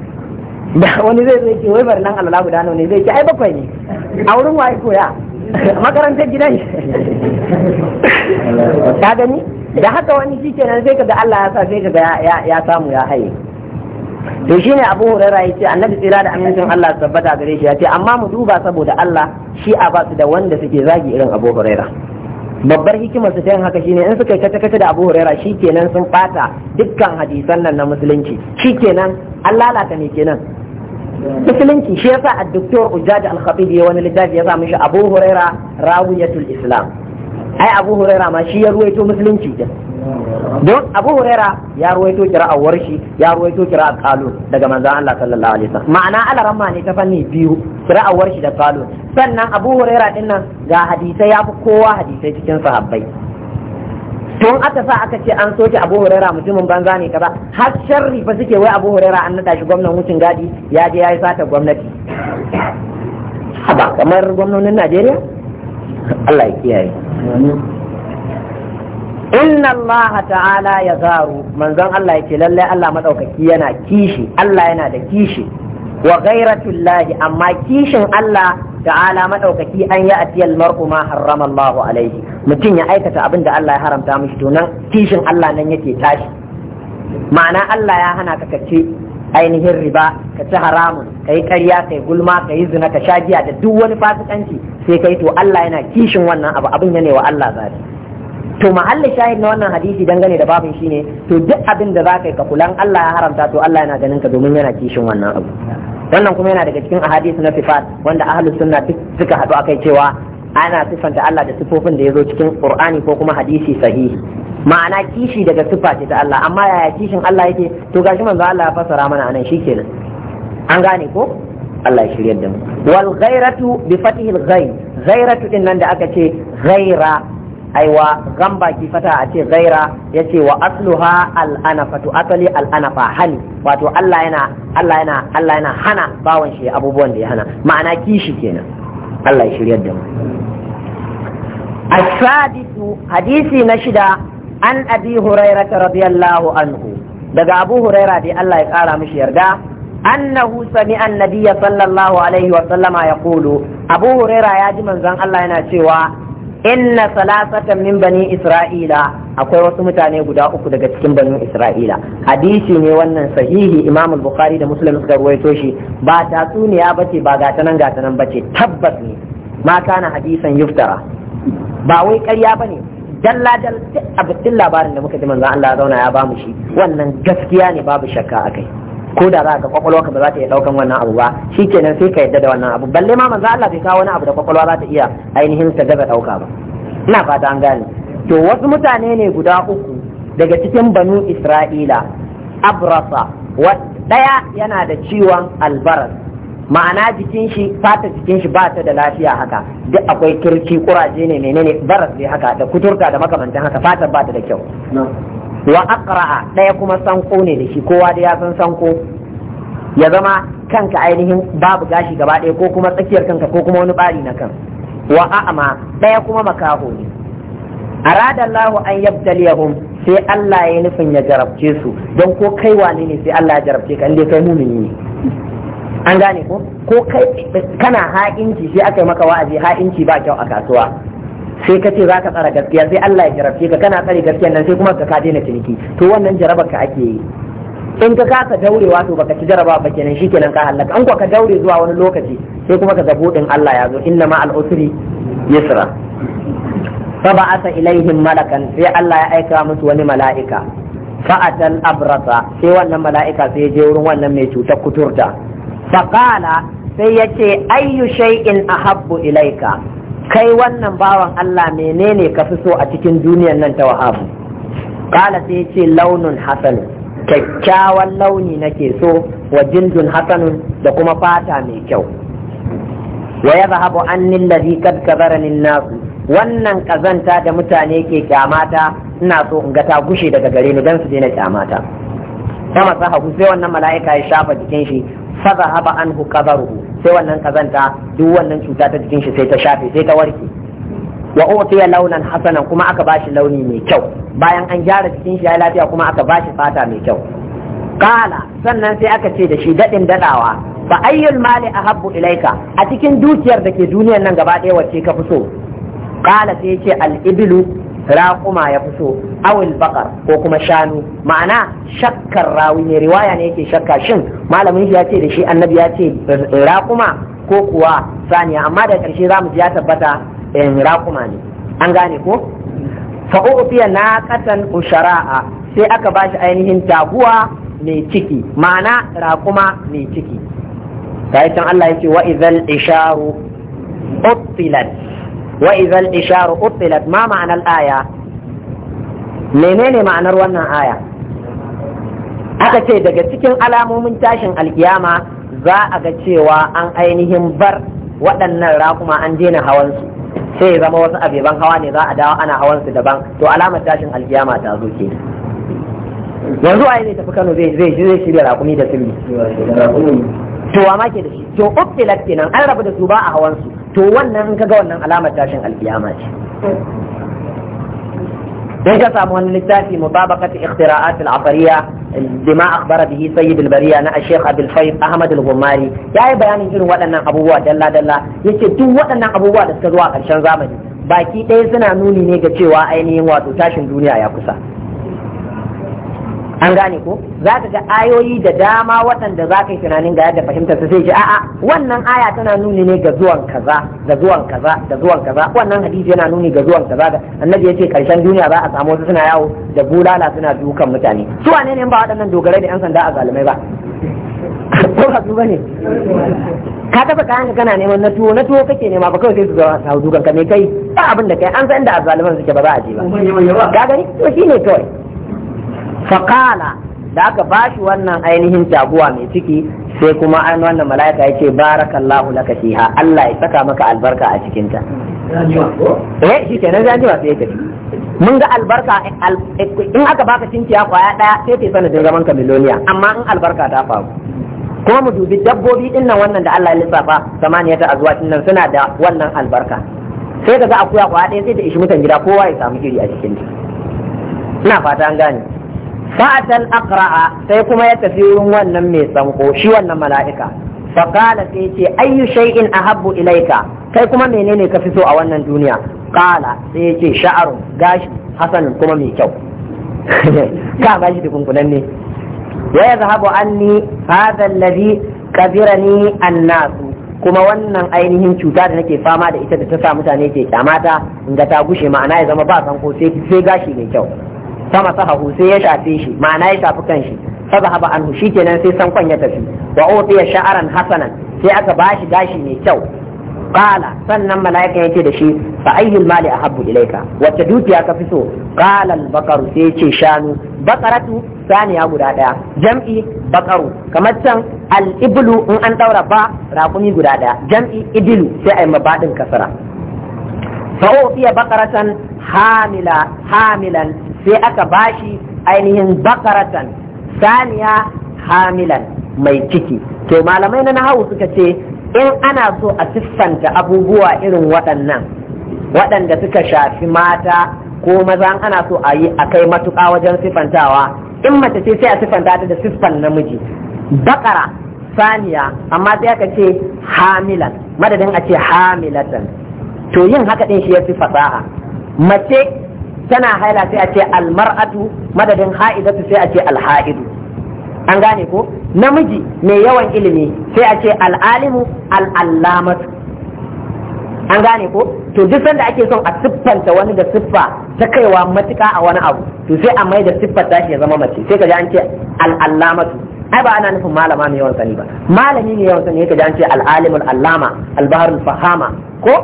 da wani zai zai ce wai farillan alwala guda nawa ne zai ce ai bakwai ne a wurin waye koya makarantar gidan ka gani da haka wani shi kenan sai ka ga Allah ya sa sai ka ga ya samu ya haye to shi ne abu huraira ya ce annabi tsira da amincin Allah tabbata gare shi ya ce amma mu duba saboda Allah shi a basu da wanda suke zagi irin abu hurara babbar hikimar su ta yin haka shine in suka kace kace da abu huraira shikenan sun bata dukkan hadisan nan na musulunci shikenan an lalata ne kenan musulunci shi yasa a doktor ujjaji al-khatib ya wani littafi ya sa mishi abu huraira rawiyatul islam ai abu huraira ma shi ya ruwaito musulunci din don abu huraira ya ruwaito kira'ar warshi ya ruwaito a kalun daga manzan Allah sallallahu alaihi wasallam ma'ana alaran ne ta fanni biyu kira warshi da kalun sannan abu huraira din nan ga hadisai ya fi kowa hadisai cikin sahabbai tun aka sa aka ce an soke abu huraira mutumin banza ne kaza har sharri fa suke wai abu huraira an nada shi gwamnan wucin gadi ya je ya sata gwamnati haba kamar gwamnonin Najeriya Allah ya kiyaye inna Allah ta'ala ya zaru manzon Allah ya ce lallai Allah maɗaukaki yana kishi Allah yana da kishi wa ghairatul lahi amma kishin Allah ta'ala madaukaki an ya atiyal mar'u ma harrama Allah alaihi mutum ya aikata abin da Allah ya haramta mishi to nan kishin Allah nan yake tashi ma'ana Allah ya hana ka kace ainihin riba ka ci haramun ka yi karya ka yi gulma ka yi zina ka sha giya da duk wani fasikanci sai ka yi to Allah yana kishin wannan abu abin ya ne wa Allah zafi to mahallin shahid na wannan hadisi dangane da babin shine to duk abin da za ka yi ka kulan Allah ya haramta to Allah yana ganin ka domin yana kishin wannan abu wannan kuma yana daga cikin ahadisi na sifat wanda ahlus sunna duk suka hadu akai cewa ana sifanta Allah da sifofin da ya zo cikin Qur'ani ko kuma hadisi sahihi ma'ana kishi daga siffa ce ta Allah amma yaya kishin Allah yake to gashi manzo Allah ya fassara mana anan shikenan an gane ko Allah ya shiryar da mu wal ghairatu bi fatihil ghain ghairatu din nan da aka ce ghaira aiwa gamba ki fata a ce ghaira yace wa asluha al anafatu asali al anafa wato Allah yana Allah yana Allah yana hana bawon shi abubuwan da ya hana ma'ana kishi kenan Allah ya shiryar da mu السادس حديثي نشدة an abi huraira radiyallahu anhu daga abu huraira dai Allah ya kara mishi yarda annahu sami annabiya sallallahu alaihi wa sallama ya kulu abu huraira ya ji manzon Allah yana cewa inna salasatan min bani isra'ila akwai wasu mutane guda uku daga cikin bani isra'ila hadisi ne wannan sahihi imam bukhari da muslim suka rawaito shi ba tatsuniya bace ba gatanan gatanan bace tabbas ne ma kana hadisan yuftara ba wai ƙarya bane dalla dal abin labarin da muka ji manzo Allah ya zauna ya bamu shi wannan gaskiya ne babu shakka kai. ko da za ka kwakwalwa ka ba za ta iya daukan wannan abu ba shikenan sai ka yadda da wannan abu balle ma manzo Allah bai kawo wani abu da kwakwalwa za ta iya ainihin ta gaza dauka ba ina fata an gane to wasu mutane ne guda uku daga cikin banu Isra'ila abrasa ɗaya daya yana da ciwon albaras ma'ana jikin shi fata jikin shi ba ta da lafiya haka duk akwai kirki kuraje ne menene baras ne haka da kuturta da makamantan haka fata ba ta da kyau wa aqra'a daya kuma sanko ne da shi kowa da ya san sanko ya zama kanka ainihin babu gashi gaba ɗaya ko kuma tsakiyar kanka ko kuma wani bari na kan wa a'ma daya kuma makaho ne arada Allahu an yabtaliyahum sai Allah ya nufin ya jarabce su don ko kai wane ne sai Allah ya jarabce ka inda kai mumini ne an gane ko ko kai kana ha'inci sai aka yi maka wa'azi ha'inci ba kyau a kasuwa sai ka ce za ka tsara gaskiya sai Allah ya jarabce ka kana tsare gaskiya nan sai kuma ka ka daina ciniki to wannan jarabar ka ake yi in ka kasa daurewa to baka ci jaraba ba kenan shikenan ka halaka an ko ka daure zuwa wani lokaci sai kuma ka zabo din Allah ya zo inna ma al-usri yusra fa ba'atha ilaihim malakan sai Allah ya aika musu wani mala'ika Fa'atan abrata sai wannan mala'ika sai je wurin wannan mai cutar kuturta faƙala sai yace ce ayyu shay'in ahabbu ilaika kai wannan bawan Allah menene ka fi so a cikin duniyar nan ta wahabu ƙala sai ce launin hasanun kyakkyawan launi nake so wa jindun hasanun da kuma fata mai kyau wa ya zahabu annin lazi kad kazaranin nasu wannan kazanta da mutane ke kyamata ina so in ga ta gushe daga gare ni dan su daina kyamata sama sa sai wannan mala'ika ya shafa jikin shi fa zahaba anhu qadaruhu sai wannan kazanta duk wannan cuta ta jikin shi sai ta shafe sai ka warke wa utiya launin hasanan kuma aka ba shi launi mai kyau bayan an gyara jikin shi ya lafiya kuma aka ba shi fata mai kyau Ƙala sannan sai aka ce da shi daɗin dadin dadawa fa ayyul mali ahabbu ilaika a cikin dukiyar da ke duniyar nan gaba ɗaya wacce ka fi so kala sai ce al ibilu. raƙuma ya fito awil bakar ko kuma shanu ma'ana shakkar rawi ne riwaya ne yake shakka shin malamin shi ya ce da shi annabi ya ce raƙuma ko kuwa saniya amma da ƙarshe za mu ji ya tabbata eh, raƙuma ne an gane ko fa na naqatan ushara'a sai aka ba shi ainihin taguwa mai ciki ma'ana raƙuma mai ciki sai Allah ya ce wa idhal isharu uttilat wa izal isharu uttilat ma ma'anar aya menene ma'anar wannan aya aka ce daga cikin alamomin tashin alkiyama za a ga cewa an ainihin bar waɗannan rakuma an daina hawansu sai zama wasu abeban hawa ne za a dawo ana hawansu daban to alamar tashin alkiyama ta zo ke yanzu waye zai tafi Kano zai zai shirya rakumi da sirri to wa ma ke da shi to uktilat kenan an rabu da su ba a hawansu to wannan in kaga wannan alamar tashin alkiyama ce dan ka samu wani littafi mubabaqat ikhtiraat al-afariya bima akhbara bihi sayyid al-bariya na Sheikh Abdul Fayyid Ahmad al ya yayi bayanin irin waɗannan abubuwa dalla dalla yace duk waɗannan abubuwa da suka zo a ƙarshen zamani baki ɗaya suna nuni ne ga cewa ainihin wato tashin duniya ya kusa an gane ko za ka ga ayoyi da dama waɗanda za ka yi tunanin ga yadda fahimtar su sai ji a'a wannan aya tana nuni ne ga zuwan kaza ga zuwan kaza ga zuwan kaza wannan hadisi yana nuni ga zuwan kaza da annabi ya ce karshen duniya za a samu wasu suna yawo da bulala suna dukan mutane su wane ne ba waɗannan dogarai da yan sanda a zalimai ba ko ba su bane ka taba kayan ka kana neman na tuwo na tuwo kake nema ba kawai sai su zama sa dukan ka me kai ba abin da kai an san da azzaluman suke ba za a je ba ka gani to shine kawai faƙala da aka bashi wannan ainihin taguwa mai ciki sai kuma an wannan mala'ika ya ce barakallahu laka fiha Allah ya saka maka albarka a cikinta eh shi kenan zan jima sai ka mun ga albarka in aka baka cinciya kwaya daya sai ta sanadin zaman ka miloniya amma in albarka ta faru kuma mu dubi dabbobi din nan wannan da Allah ya lissafa samaniya ta azuwa din nan suna da wannan albarka sai ka ga akuya kwaya daya sai ta ishi mutan gida kowa ya samu iri a cikin ina fata an gane fa'atal aqra'a sai kuma ya tafi wurin wannan mai sanko shi wannan mala'ika fa qala sai ce ayyu shay'in ahabbu ilaika kai kuma menene ka fi so a wannan duniya qala sai ce sha'aru gashi hasanin kuma mai kyau ka gashi dukunkunan ne ya yadhhabu anni hadha alladhi kabirani annasu kuma wannan ainihin cuta da nake fama da ita da ta sa mutane ke kyamata in ga ta gushe ma'ana ya zama ba sanko sai gashi mai kyau sama sahahu sai ya shafe shi ma'ana ya shafi kan shi kanshi an hushi kenan sai san kwan ya tafi wa ya sha'aran hasanan sai aka ba shi gashi mai kyau qala sannan mala'ika yake da shi fa ayyul mali ahabbu ilayka wacce dukiya ka fi so qala al baqaru sai ce shanu baqaratu saniya guda daya jam'i baqaru kamar can al iblu in an daura ba rakumi guda daya jam'i idilu sai ai mabadin kasara fa ya baqaratan hamila hamilan sai aka bashi ainihin bakaratan saniya hamilan mai ciki to malamai na nahawu suka ce in ana so a siffanta abubuwa irin waɗannan waɗanda suka shafi mata ko maza ana so a yi a kai matuƙa wajen siffantawa in mace ce sai a siffanta ta da siffan namiji bakara saniya amma sai aka ce hamilan madadin a ce hamilatan to yin haka ɗin shi ya fi fasaha mace tana haila sai a ce almar'atu madadin ha'idatu sai a ce alha'idu an gane ko namiji mai yawan ilimi sai a ce al'alimu al'allamatu an gane ko to duk sanda ake son a siffanta wani da siffa ta kaiwa matuka a wani abu to sai a mai da siffar tashi ya zama mace sai ka ji an ce al'allamatu ai ba ana nufin malama mai yawan sani ba malami ne yawan sani ka ji an ce al'alimul allama albaharul fahama ko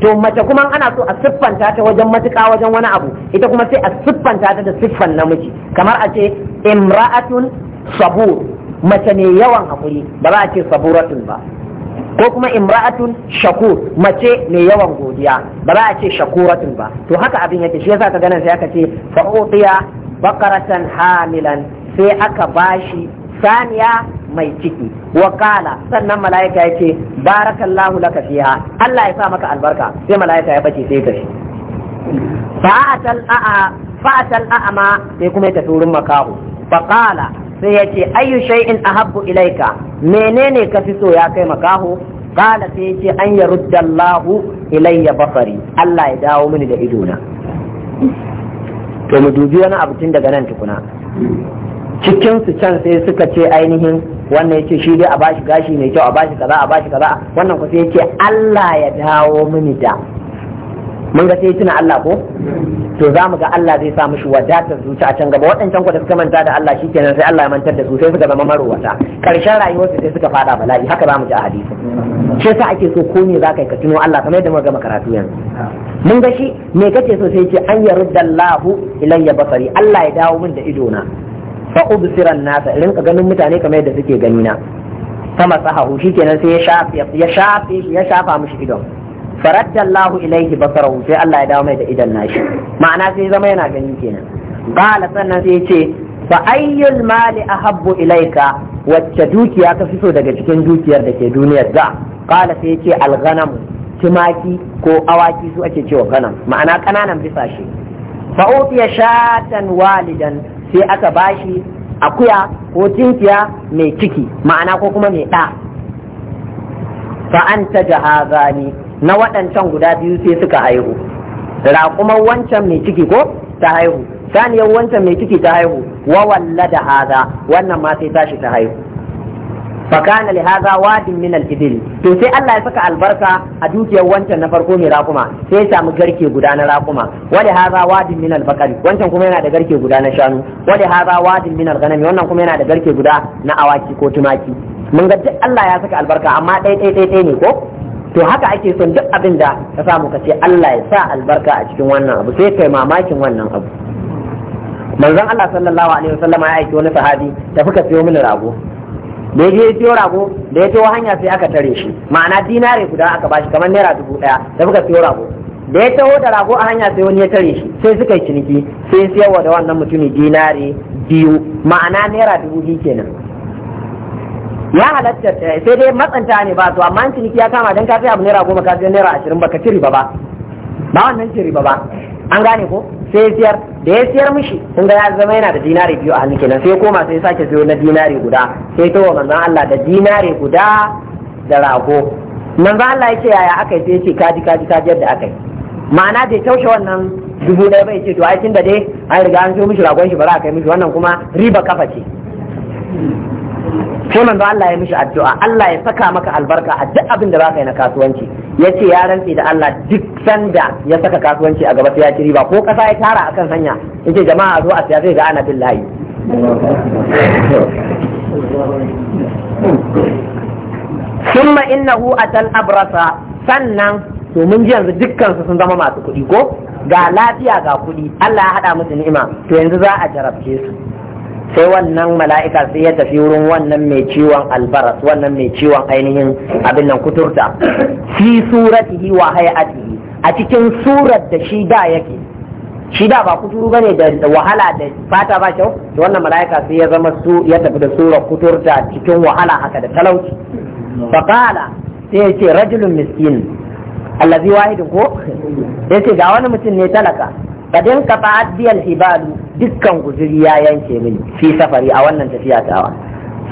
to mace kuma ana so a siffanta ta wajen matuƙa wajen wani abu ita kuma sai a siffanta ta da siffan namiji kamar a ce imra'atun Sabu, mace ne yawan hakuri ba za a ce saburatun ba ko kuma imra'atun Shaku, mace mai yawan godiya ba za a ce shakuratun ba to haka abin yake shi yasa ka ganin sai aka ce fa'udiya bakaratan hamilan sai aka bashi saniya mai ciki wa sannan mala'ika ya ce barakallahu laka fiha Allah ya sa maka albarka sai mala'ika ya bace sai kashi fa'atal a'a fa'atal a'ma sai kuma ya tafi wurin makahu fa sai ya ce ayyu shay'in ahabbu ilaika menene ka fi so ya kai makahu kala sai ya ce an yaruddallahu Allahu ilayya basari Allah ya dawo mini da idona to mu dubi wani abu tun daga nan tukuna cikin su can sai suka ce ainihin wannan ce, shi dai a bashi gashi mai kyau a bashi kaza a bashi kaza wannan ku sai yake Allah ya dawo mini da mun ga sai tuna Allah ko to za mu ga Allah zai sa mushi wadata zuci a can gaba waɗancan ku da suka manta da Allah shikenan sai Allah ya mantar da su sai suka zama marowata karshen rayuwarsu sai suka fada bala'i haka za mu ji a hadisi shi sa ake so ko ne za ka yi ka tuno Allah kamar yadda muka gama karatu yanzu mun ga shi me kace so sai ce an yarudda Allahu ilayya basari Allah ya dawo min da ido na fa ubsiran nasa rinka ganin mutane kamar yadda suke gani na sama sahahu shikenan sai ya shafe ya ya shafa mishi idon faradda Allahu ilaihi basarahu sai Allah ya dawo mai da idon nashi ma'ana sai zama yana gani kenan qala sannan sai ya ce fa ayyul mali ahabbu ilaika wacce dukiya ka fi so daga cikin dukiyar da ke duniyar da qala sai ce al-ghanam tumaki ko awaki su ake cewa ganam ma'ana kananan bisashe fa utiya shatan walidan sai aka bashi akuya ko tinkiya mai ciki ma'ana ko kuma mai ɗa fa an ta jahazani na waɗancan guda biyu sai suka haihu raƙuman wancan mai ciki ko ta haihu saniyar wancan mai ciki ta haihu wa walla da haza wannan ma sai tashi ta haihu fakana li hadha wadin min al ibil to sai Allah ya saka albarka a dukiyar wancan na farko ne rakuma sai ya samu garke guda na rakuma wa li hadha wadin min al baqari wancan kuma yana da garke guda na shanu wa li hadha wadin min al ghanami wannan kuma yana da garke guda na awaki ko tumaki mun ga duk Allah ya saka albarka amma ɗaya ɗaya ɗaya ne ko to haka ake son duk abin da ka samu ka ce Allah ya sa albarka a cikin wannan abu sai kai mamakin wannan abu manzon Allah sallallahu alaihi wasallama ya aiki wani sahabi tafi ka siyo mini rago da ya je ya siyo rago da ya siyo hanya sai aka tare shi ma'ana dinare guda aka bashi kamar naira dubu ɗaya da muka siyo rago da ya taho da rago a hanya sai wani ya tare shi sai suka yi ciniki sai siyarwa da wannan mutumi dinare biyu ma'ana naira dubu biyu kenan ya halatta eh, sai dai matsanta ne ba to amma ciniki ya kama dan ka sai abu naira goma ka sai naira ashirin baka ci riba ba ba wannan ci riba ba an gane ko sai siyar da ya siyar mishi sun ga ya zama yana da dinari biyu a hannu kenan sai koma sai sake siyo na dinari guda sai to wa manzon Allah da dinari guda da rago manzon Allah ya ce yaya aka yi sai ya ce kaji kaji kaji yadda aka yi ma'ana bai taushe wannan dubu ɗaya bai ce to ai tun da dai an riga an siyo mishi ragon shi ba za a kai mishi wannan kuma riba kafa ce sai manzo Allah ya mishi addu'a Allah ya saka maka albarka a duk abin da za ka yi na kasuwanci ya ce ya rantsi da Allah duk sanda ya saka kasuwanci a gaba sai ya ci riba ko kasa ya tara akan hanya yace jama'a zo a siya zai ga ana billahi summa innahu atal abrasa sannan to mun ji yanzu dukkan su sun zama masu kuɗi ko ga lafiya ga kuɗi Allah ya hada musu ni'ima to yanzu za a jarabce su sai wannan mala'ika sai ya tafi wurin wannan mai ciwon albaras wannan mai ciwon ainihin abin nan kuturta fi suratihi wa hayatihi a cikin surat da shi da yake shi da ba kuturu bane da wahala da fata ba kyau to wannan mala'ika sai ya zama su ya tafi da surar kuturta cikin wahala haka da talauci faqala sai ya ce rajulun miskin allazi wahidun ko yace ga wani mutum ne talaka kadin ka fa'ad biyal hibalu dukkan guzuri ya yanke mini fi safari a wannan tafiya tawa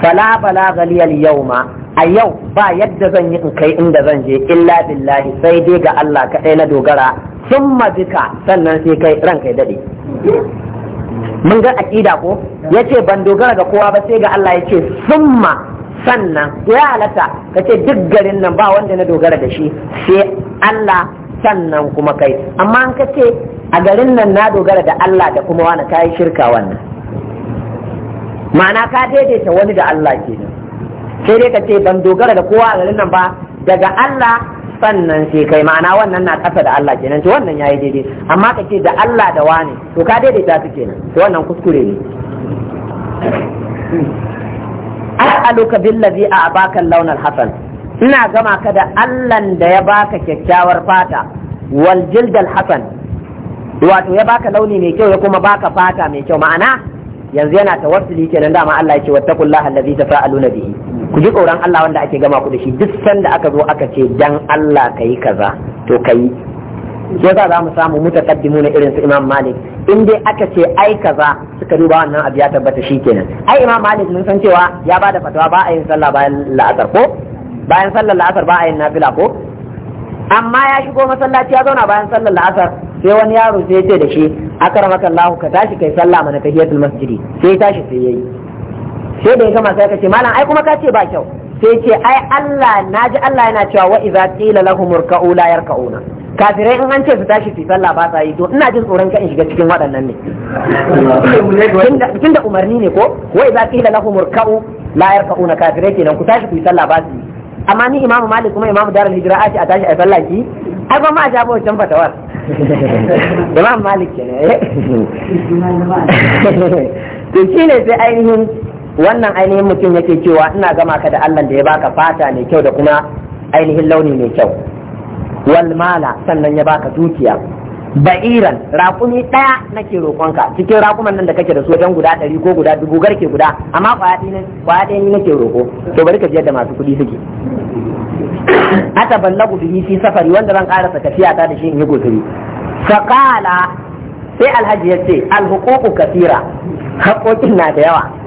fala fala galiyal yauma a yau ba yadda zan yi in kai inda zan je illa billahi sai dai ga Allah kaɗai na dogara sun bika sannan sai kai ran kai daɗe mun ga aƙida ko ya ban dogara ga kowa ba sai ga Allah yace summa sannan ya halarta kace duk garin nan ba wanda na dogara da shi sai Allah sannan kuma kai amma an kace a garin nan na dogara da Allah da kuma wani kayi shirka wannan ma'ana ka daidaita wani da Allah kenan sai dai ka ce ban dogara da kowa a garin nan ba daga Allah sannan sai kai ma'ana wannan na kasa da Allah kenan to wannan yayi daidai amma ka ce da Allah da wani to ka daidaita su kenan to wannan kuskure ne as'aluka billazi a'baka al-lawn al-hasan ina gama ka da allan da ya baka kyakkyawar fata wal jildal hasan wato ya baka launi mai kyau ya kuma baka fata mai kyau ma'ana yanzu yana tawassuli kenan dama Allah ya ce wattaqullaha allazi tafa'aluna bihi ku ji tsoron Allah wanda ake gama ku da shi duk sanda aka zo aka ce dan Allah kai kaza to kai ke za za mu samu mutaqaddimu na irin su Imam Malik in dai aka ce ai kaza suka duba wannan abu ya tabbata kenan ai Imam Malik mun san cewa ya bada fatawa ba a yin sallah bayan la'asar ko bayan sallar la'asar ba a yin nafila ko amma ya shigo masallaci ya zauna bayan sallar la'asar sai wani yaro sai ce da shi akramaka Allahu ka tashi kai sallah mana tahiyatul masjidi sai tashi sai yayi sai da ya gama sai ka ce malam ai kuma ka ce ba kyau sai ce ai Allah naji Allah yana cewa wa idza qila lahum urka'u la yarka'una kafirai in an ce su tashi su sallah ba sa yi to ina jin tsoron ka in shiga cikin waɗannan ne tunda umarni ne ko wa idza qila lahum urka'u la yarka'una kafirai kenan ku tashi ku yi sallah ba su yi amma ni imamu malik kuma imamu darul hijra a ce a tashi a sallaki ai ba ma a jabo wancan fatawar imamu malik ke eh? ne to shine sai ainihin wannan ainihin mutum yake cewa ina gama ka da Allah da ya baka fata mai kyau da kuma ainihin launi mai kyau wal mala sannan ya baka dukiya ba'iran raƙumi ɗaya nake roƙonka cikin raƙuman nan da kake da su wajen guda ɗari ko guda dubu garke guda amma kwaya ɗaya nake roƙo to bari ka biyar da masu kuɗi suke ata ballagu bihi fi safari wanda zan ƙarasa tafiya ta da shi in yi gosiri. Saƙala sai alhaji ya ce alhuququ kasira haƙoƙin na da yawa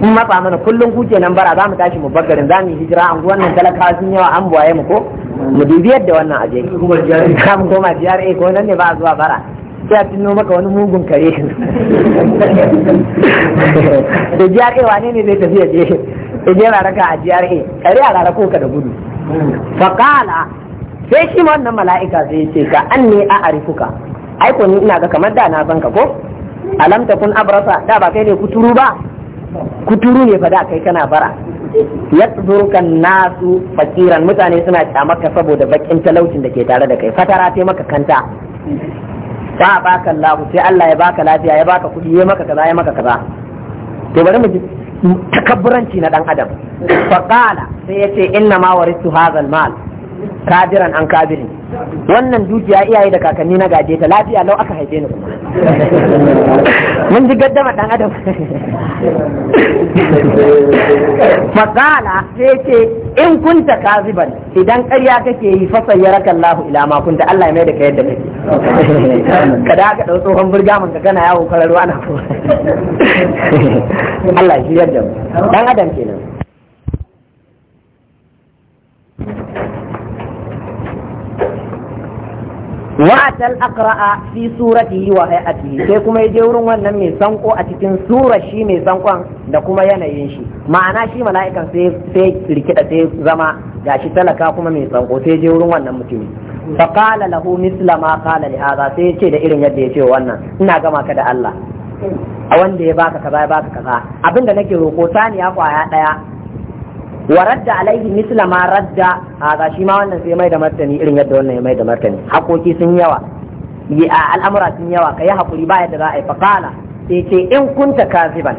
kun matsa mana kullum kuke nan bara za mu tashi mu bagarin za mu hijira an wannan talakawa sun yawa an buwaye mu ko mu dubi yadda wannan aje ka kam koma GRA ko nan ne ba zuwa bara sai a tuno maka wani mugun kare da jiyar GRA wane ne zai tafi ya je ya je raraka a jiyar GRA kare a rarako ka da gudu faqala sai shi wannan mala'ika sai ce ka anni a arifuka ai ko ni ina ga kamar da na banka ko alam takun abrasa da ba kai ne kuturu ba kuturu ne fa da kai kana bara tsurukan nasu fakiran mutane suna kyamaka saboda bakin talaucin da ke tare da kai fatara sai maka kanta ba baka Allah sai Allah ya baka lafiya ya baka kudi ya maka kaza ya maka kaza to bari mu ji takabburanci na dan adam faqala sai yace inna ma waristu hadha mal kadiran an kabiri wannan dukiya iyaye da kakanni na gaje ta lafiya lau aka haife ni mun ji gaddama dan adam faqala sai ce in kunta kaziban idan ƙarya kake yi fa sayyaraka Allahu ila ma kunta Allah ya mai da kai yadda kake kada ka dau tsohon burgamin ka kana yawo kwararo ana Allah ya yarda dan adam kenan wa'atal aqra'a fi yi wa hay'atihi sai kuma ya je wurin wannan mai sanko a cikin surar shi mai sankon da kuma yanayin shi ma'ana shi mala'ikan sai sai rikida sai zama gashi talaka kuma mai sanko sai je wurin wannan mutumi fa qala lahu misla ma qala li hadha sai ya ce da irin yadda ya ce wannan ina gama ka da Allah a wanda ya baka kaza ya baka kaza abinda nake roko saniya ƙwaya ɗaya. wa radda alaihi misla ma radda a ga shi ma wannan sai mai da martani irin yadda wannan ya mai da martani hakoki sun yawa al'amura sun yawa kai hakuri ba yadda za a yi faqala sai ce in kunta kaziban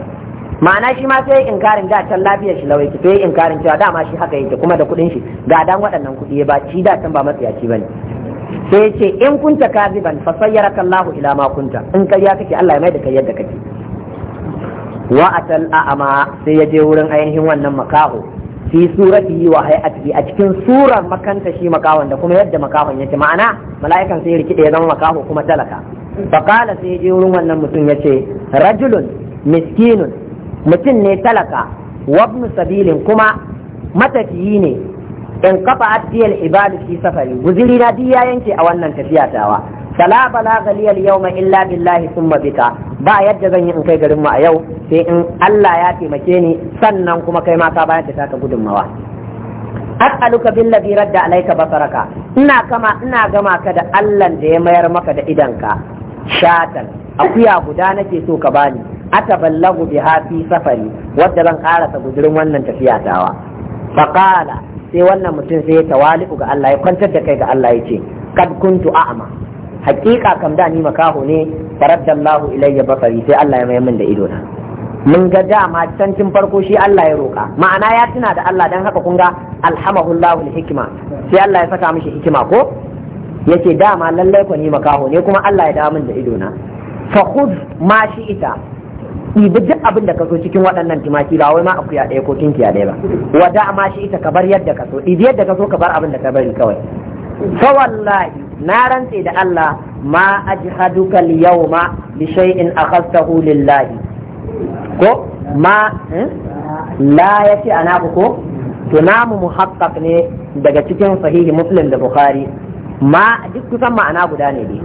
ma'ana shi ma sai inkarin da can lafiyar shi lawai sai inkarin cewa dama shi haka yake kuma da kudin shi ga dan waɗannan kudi ba shi da can ba matsayaci bane sai ce in kunta kaziban fa sayyaraka Allah ila ma kunta in kariya kake Allah ya mai da kai yadda kake wa atal a'ama sai ya je wurin ainihin wannan makaho fi surati wa hay'atihi a cikin surar makanta shi makawan da kuma yadda makawan yake ma'ana mala'ikan sai rikide ya zama makaho kuma talaka faqala sai je wurin wannan mutum yace rajulun miskinun mutum ne talaka wabnu sabilin kuma matafiyi ne in kafa atiyal ibadu fi safari guzuri na duk ya yanke a wannan tafiya tawa bala-bala li al-yawma illa billahi thumma bika ba yadda zan yi in kai garin mu a yau sai in Allah ya taimake ni sannan kuma kai ma ka bayar da taka gudunmawa as'aluka billazi radda alayka basaraka ina kama ina gama ka da Allah da ya mayar maka da ka. shatan akuya guda nake so ka bani ataballagu bi hafi safari wadda zan karasa gudurin wannan tafiya tawa faqala sai wannan mutum sai ya tawali'u ga Allah ya kwantar da kai ga Allah ya ce kad kuntu a'ma hakika kam da ni makaho ne faraddallahu ilayya basari sai Allah ya mai min da ido na mun ga dama can cin farko shi Allah ya roka ma'ana ya tuna da Allah dan haka kun ga alhamahullahu hikma sai Allah ya saka mishi hikima ko yace dama lallai ko ni makaho ne kuma Allah ya dawo min da ido na fa khudh ma shi ita ɗibi duk abin da ka so cikin waɗannan timaki ba wai ma akuya ɗaya ko kinkiya ɗaya ba wa da ma shi ita ka bar yadda ka so Ibi yadda ka so ka bar abin da ka bari kawai fa wallahi na rantse da Allah ma ajhaduka al-yawma bi shay'in akhadtahu lillahi ko ma eh, la yati ana ko to namu muhaqqaq ne daga cikin sahihi muslim da bukhari ma duk kusan ma'ana guda ne dai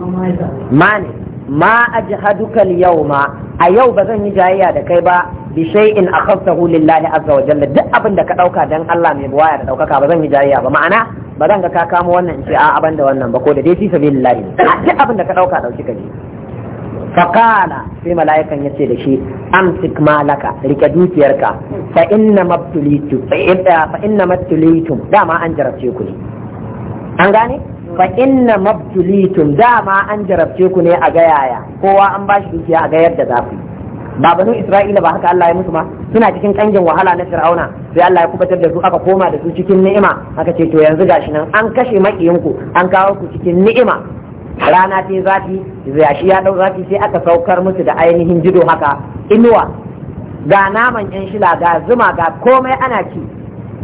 ma ne ma ajhaduka al-yawma a yau ba zan yi jayayya da kai ba bi shay'in akhadtahu lillahi azza wa jalla duk abin da ka dauka dan Allah mai buwaya da daukaka ba zan yi jayayya ba ma'ana ba zan ga ka kamo wannan in ce a abin da wannan ba ko da dai fi ne duk abin da ka ɗauka dauki ka je faqala sai mala'ikan ya ce da shi amsik malaka rike dukiyarka fa inna mabtulitu eh, fa inna mabtulitum dama an jarabce ku ne an gane fa inna mabtulitum dama an jarabce ku ne a ga kowa an bashi dukiya a gayar da zafi. ba banu isra'ila ba haka Allah ya musu ma suna cikin kangin wahala na fir'auna sai Allah ya kubatar da su aka koma da su cikin ni'ima aka ce to yanzu gashi nan an kashe makiyinku an kawo ku cikin ni'ima rana ce zafi shi ya dau zafi sai aka saukar musu da ainihin jido haka inuwa ga naman yan shila ga zuma ga komai ana ci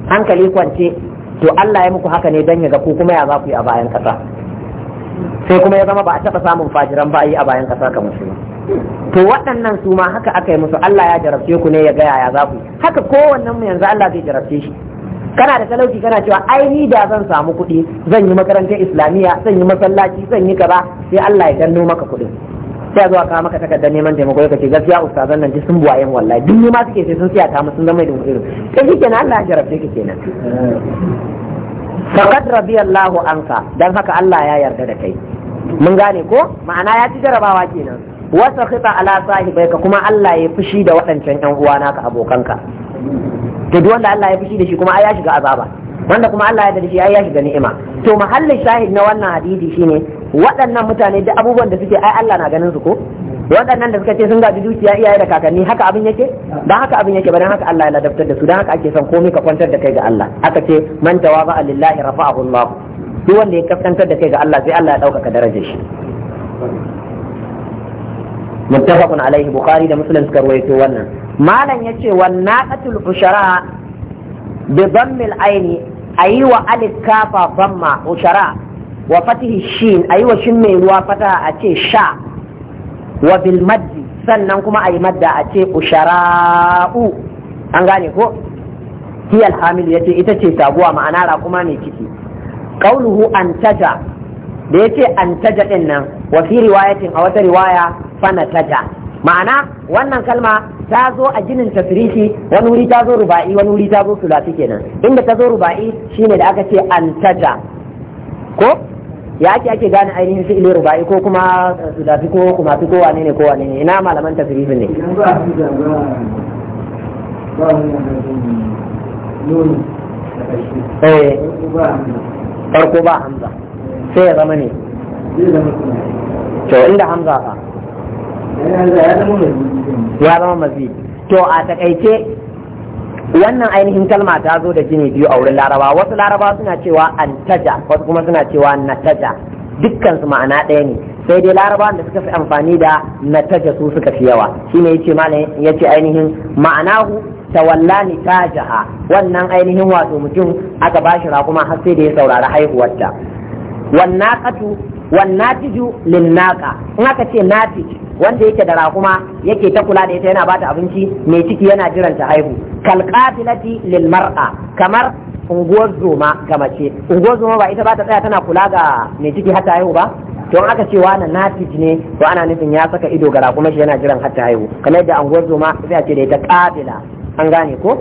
hankali kwance to Allah ya muku haka ne dan ya ga ku kuma ya za ku yi a bayan kasa sai kuma ya zama ba a taba samun fajiran ba a yi a bayan kasa kamar shi to waɗannan su ma haka aka yi musu Allah ya jarabce ku ne ya gaya ya za ku haka kowannen mu yanzu Allah zai jarabce shi kana da talauci kana cewa ai ni da zan samu kuɗi zan yi makarantar islamiyya zan yi masallaci zan yi kaza sai Allah ya danno maka kuɗi. sai zuwa kawo maka takarda neman taimako ka ce gaskiya ustazan nan sun buwayen wallahi duk ma suke sai sun siya ta mu sun zama da mutum sai shi kenan Allah ya jarabce ki kenan faqad radiyallahu anka dan haka Allah ya yarda da kai mun gane ko ma'ana ya ci jarabawa kenan wata khita ala sahibai ka kuma Allah ya fushi da waɗancan ƴan uwa naka abokanka to duk wanda Allah ya fushi da shi kuma ai ya shiga azaba wanda kuma Allah ya da shi ai ya shiga ni'ima to mahallin shahid na wannan hadisi shine waɗannan mutane da abubuwan da suke ai Allah na ganin su ko waɗannan da suka ce sun gaji dukiya iyaye da kakanni haka abin yake ba haka abin yake ba dan haka Allah ya ladabtar da su dan haka ake son komai ka kwantar da kai ga Allah aka ce man tawaba lillahi rafa'ahu Allah duk wanda ya kaskantar da kai ga Allah sai Allah ya ɗaukaka darajar shi muttafaqun alaihi bukhari da muslim suka ruwaito wannan malam yace wan naqatul ushara bi dammil aini ayi wa alif kafa damma ushara wa fatihi shin ayi wa shin mai ruwa fata a ce sha wa bil sannan kuma ayi madda a ce ushara'u an gane ko hiya alhamil yace ita ce sabuwa ma'ana kuma mai ciki qauluhu antaja da yace antaja din nan wa fi riwayatin a wata riwaya fanataja ma'ana wannan kalma ta zo a ginin tafirishi wani wuri ta zo ruba'i wani wuri ta zo sulasi kenan inda ta zo ruba'i shine da aka ce antaja ko ya ake ake gane ainihin fi'ilin ruba'i ko kuma eh, sulasi ko kuma ko wane ne ko wane ne ina malaman tafrishi ne eh. farko ba hamza sai ya zama ne to inda hamza fa ya zama mazi to a takaice wannan ainihin kalma ta zo da jini biyu a wurin laraba wasu laraba suna cewa an taja wasu kuma suna cewa taja dukkan su ma'ana ɗaya ne sai dai laraba da suka fi amfani da na taja su suka fi yawa shine yace malamin yace ainihin ma'anahu tawallani tajaha wannan ainihin wato mutum aka bashi kuma har sai da ya saurari haihuwarta wannan katu. wan natiju lin naqa in aka ce natij wanda yake da raƙuma yake ta kula da ita yana bata abinci mai ciki yana jiran ta haihu kal qatilati lil mar'a kamar unguwar zoma ga mace unguwar zoma ba ita bata tsaya tana kula ga mai ciki har ta haihu ba don aka ce wa nan natij ne to ana nufin ya saka ido ga raƙuma shi yana jiran har ta haihu kamar yadda unguwar zoma sai a ce da ita qatila an gane ko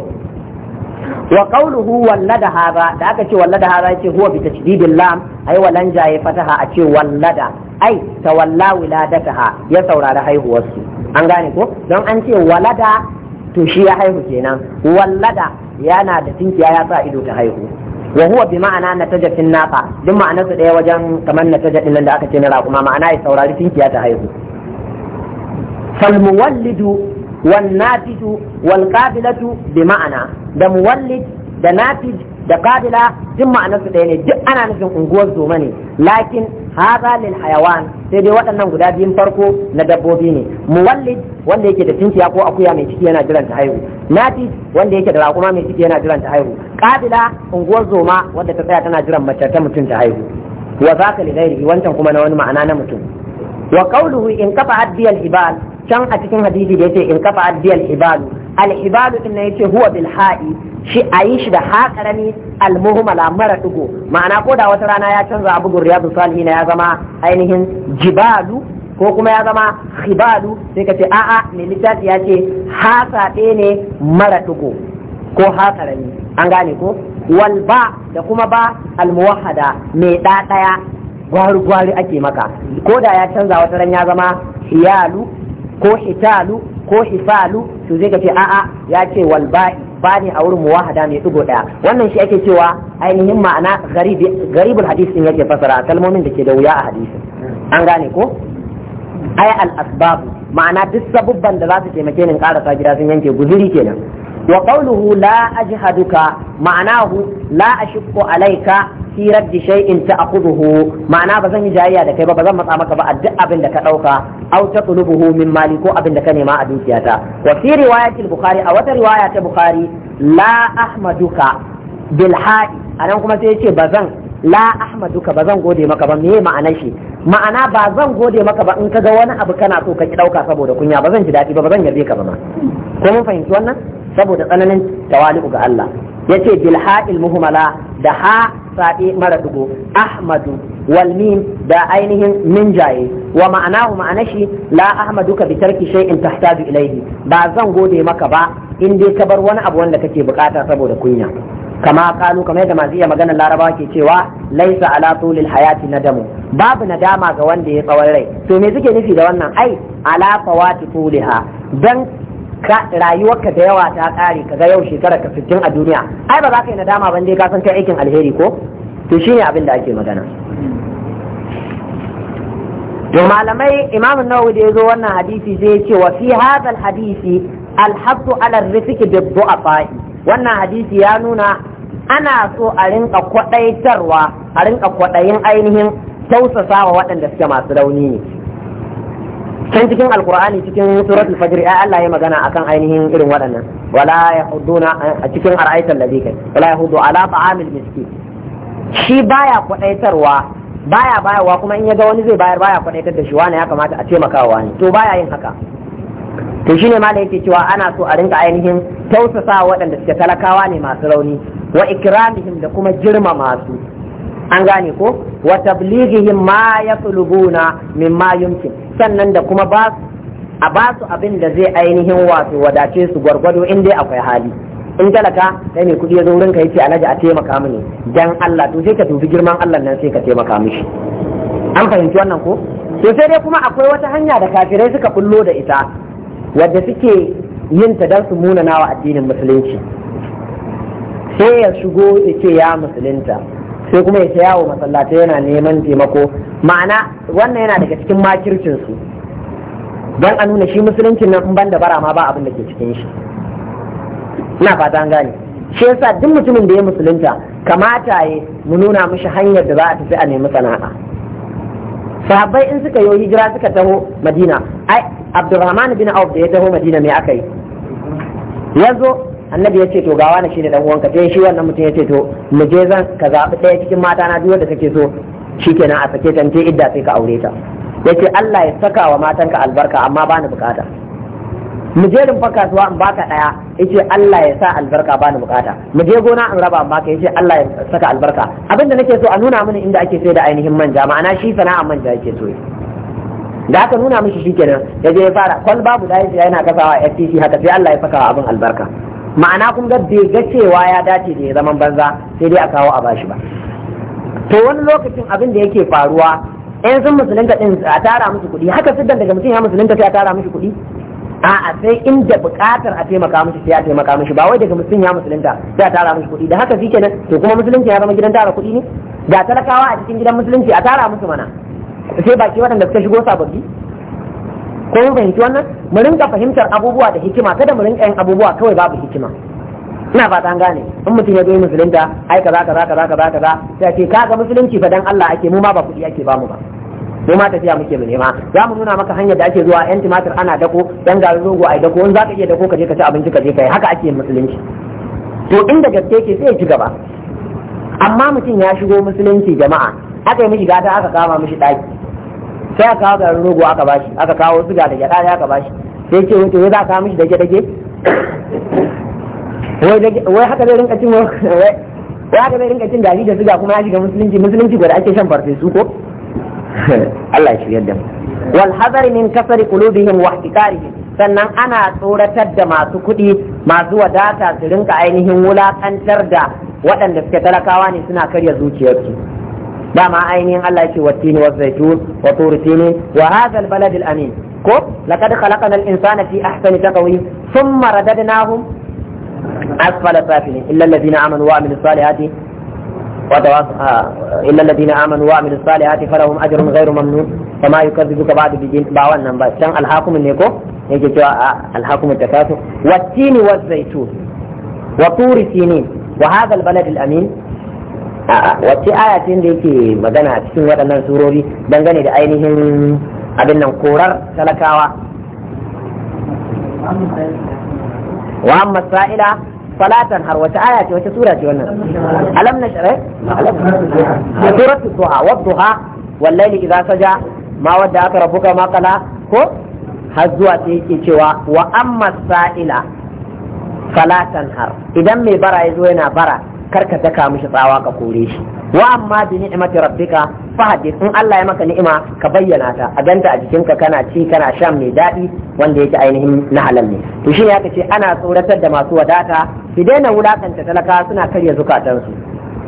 wa qawluhu wallada hada da aka ce wallada hada yace huwa bi tashdidil lam ay walan jaye fataha a ce wallada ai tawalla wiladataha ya saurari su. an gane ko don an ce walada to shi ya haihu kenan wallada yana da tinkiya ya sa ido ta haihu wa huwa bi ma'ana nataja tin nafa duk ma'anar su daya wajen kamar na din nan da aka ce na raƙuma ma'ana ya saurari tinkiya ta haihu fal muwallidu wan natiju wal qabilatu bi ma'ana da muwallid da natij da qabila duk ma'anarsu ɗaya ne duk ana nufin unguwar zoma ne lakin haza lil hayawan sai dai waɗannan guda biyun farko na dabbobi ne muwallid wanda yake da tunkiya ko akuya mai ciki yana jiran ta haihu natij wanda yake da raƙuma mai ciki yana jiran ta haihu qabila unguwar zoma wanda ta tsaya tana jiran mace ta mutum ta haihu wa zaka li ghairihi wancan kuma na wani ma'ana na mutum wa qawluhu in kafa addiyal ibal can a cikin hadisi da yace in kafa addiyal ibadu al ibadu din ne yace huwa bil ha'i shi ayi shi da ha al muhmala mara dugo ma'ana ko da wata rana ya canza abu riyadu salihin ya zama ainihin jibalu ko kuma ya zama khibalu sai ka ce a'a mai litafi ya ce ha ne mara dugo ko ha an gane ko wal ba da kuma ba al muwahhada mai da daya gwari gwari ake maka ko da ya canza wata ran ya zama Iyalu. ko hitalu ko hifalu to zai ce a'a ya ce wal ba'i ba ne a wurin muwahada mai dugo daya wannan shi ake cewa ainihin ma'ana garibul ya yake fasara kalmomin da ke da wuya a hadisin an gane ko ay al asbab ma'ana duk sabubban da za su taimake ni karasa gida sun yanke guziri kenan wa qawluhu la ajhaduka ma'anahu la ashqu alayka fi in shay'in ta'khudhuhu ma'ana ba zan yi jayayya da kai ba ba zan matsa maka ba a duk abin da ka dauka aw taqlubuhu min mali ko abin da ka nema a dukiyata wa fi riwayatil bukhari a wata riwaya ta bukhari la ahmaduka bil ha'i anan kuma sai yace ba zan la ahmaduka ba zan gode maka ba me ma'anar shi ma'ana ba zan gode maka ba in ka ga wani abu kana so ka ki ɗauka saboda kunya ba zan ji daɗi ba ba zan yabe ka ba ma ko mun fahimci wannan saboda tsananin tawali'u ga Allah yace bil ha'il muhmala da ha sa'i mara dugo ahmadu wal mim da ainihin min jaye wa ma'anahu ma'anashi la ahmaduka bi tarki shay'in tahtaju ilayhi ba zan gode maka ba in dai ka bar wani abu wanda kake bukata saboda kunya kama kalu kamar yadda masu iya maganar larabawa ke cewa laisa ala tulil hayati nadamu babu nadama ga wanda ya tsawon rai to me suke nufi da wannan ai ala fawati tuliha dan ka rayuwarka da yawa ta kare kaga yau shekara ka fitin a duniya ai ba za ka yi nadama ban dai ka san kai aikin alheri ko to shine abin da ake magana to malamai imamu nawawi da yazo wannan hadisi sai ce wa fi hadal hadisi alhasu ala rizqi bi du'afa wannan hadisi ya nuna ana so a rinka kwadaitarwa a rinka kwadayin ainihin tausasa wa waɗanda suke masu rauni ne sai cikin alkur'ani cikin suratul fajr ai Allah ya magana akan ainihin irin waɗannan wala yahuduna eh, a cikin araitan ladhi kai wala hudu ala ta'amil miskin shi baya kwadaitarwa baya bayarwa kuma in ya ga wani zai bayar baya kwadaitar da shi wani ya kamata a taimakawa ne to baya yin haka to shine ma da yake cewa ana so a rinka ainihin tausasa waɗanda suke talakawa ne masu rauni wa ikramihim da kuma girmama su an gane ko wa tablighihim ma yatlubuna mimma yumkin sannan da kuma ba a ba su abin da zai ainihin wato wadace su gwargwado in dai akwai hali in talaka sai mai kudi ya zo wurinka yace alaji a taimaka mini dan Allah to sai ka dubi girman Allah nan sai ka taimaka mishi an fahimci wannan ko to sai dai kuma akwai wata hanya da kafirai suka bullo da ita wadda suke yin ta dan su wa addinin musulunci sai ya shigo yake ya musulunta sai kuma ya ta yawo masallata yana neman taimako ma'ana wannan yana daga cikin makircin su don a nuna shi musuluncin nan in ban da bara ma ba abin da ke cikin shi ina fata an gane shi yasa duk mutumin da ya musulunta kamata ya mu nuna mishi hanyar da za a tafi a nemi sana'a sahabbai in suka yi hijira suka taho madina ai abdurrahman bin auf da ya taho madina me aka yi ya annabi ya ce to ga wani ne dan uwanka sai shi wannan mutum ya ce to mu je zan ka zabi ɗaya cikin mata na duk wanda kake so shikenan a sake ta ce idda sai ka aure ta yace Allah ya saka wa matanka albarka amma bani bukata mu je rumfa kasuwa in baka daya yace Allah ya sa albarka bani bukata mu je gona in raba in baka yace Allah ya saka albarka abinda nake so a nuna mini inda ake sai da ainihin manja ma'ana shi sana'a manja yake so da aka nuna mishi shikenan ya je ya fara kwal babu da yana kasawa FTC haka sai Allah ya saka wa abin albarka ma'ana kun ga bai ga cewa ya dace da ya zaman banza sai dai a kawo a bashi ba to wani lokacin abin da yake faruwa yan sun musulunta din a tara musu kuɗi haka siddan daga mutum ya musulunta sai a tara musu kuɗi a'a sai inda buƙatar a taimaka musu sai a taimaka musu ba wai daga mutum ya musulunta sai a tara musu kuɗi da haka shi nan to kuma musulunci ya zama gidan tara kuɗi ne ga talakawa a cikin gidan musulunci a tara musu mana sai baki waɗanda suka shigo sababbi ko mun fahimci wannan mu rinka fahimtar abubuwa da hikima kada mu rinka yin abubuwa kawai babu hikima ina fatan gane in mutum ya zo musulunta ai kaza kaza kaza kaza kaza sai ce kaga musulunci fa dan Allah ake mu ma ba kuɗi ake ba mu ba mu ma tafiya muke mu nema za mu nuna maka hanyar da ake zuwa yan timatir ana dako yan garin rogo ai dako in zaka iya dako ka je ka ci abinci ka je ka yi haka ake musulunci to inda gaske ke sai ya ci gaba amma mutum ya shigo musulunci jama'a aka yi mishi gata aka kama mishi daki sai aka kawo garin rogo aka bashi aka kawo suga da gyada aka bashi sai ce wato za ka mishi dage dage wai haka zai rinka cin wai haka zai rinka cin gari da suga kuma ya shiga musulunci musulunci gwada ake shan farfesu ko Allah ya shiryar da mu wal hazari min kasari qulubihim wa ihtiqarihim sannan ana tsoratar da masu kuɗi masu wadata su rinka ainihin wulakantar da waɗanda suke talakawa ne suna karya zuciyarsu دام عينين الله يشي والتين والزيتون وطور تينين وهذا البلد الأمين كو لقد خلقنا الإنسان في أحسن تقويم ثم رددناه أسفل سافلين إلا الذين آمنوا وعملوا الصالحات آه، إلا الذين آمنوا وعملوا الصالحات فلهم أجر غير ممنون فما يكذبك بعد بجين بعوان نمبا شان الحاكم النيكو يجي جوا آه، الحاكم التكاثر والتين والزيتون وطور سينين وهذا البلد الأمين a'a wacce aya ce da yake magana a cikin waɗannan surori dangane da ainihin abin nan korar talakawa wa amma sa'ila salatan har wata aya ce wata sura ce wannan alam na shara eh? suratu duha wa duha wallahi idza saja ma wadda aka rabuka ma kala ko har zuwa sai yake cewa wa amma sa'ila salatan har idan mai bara ya zo yana bara karka daka mishi tsawa ka kore shi wa amma bi ni'mati rabbika fahaddith in Allah ya maka ni'ima ka bayyana ta a ganta a jikinka kana ci kana shan mai daɗi wanda yake ainihin na halal ne to shi ne aka ce ana tsoratar da masu wadata su daina wulakanta talaka suna karya zukatansu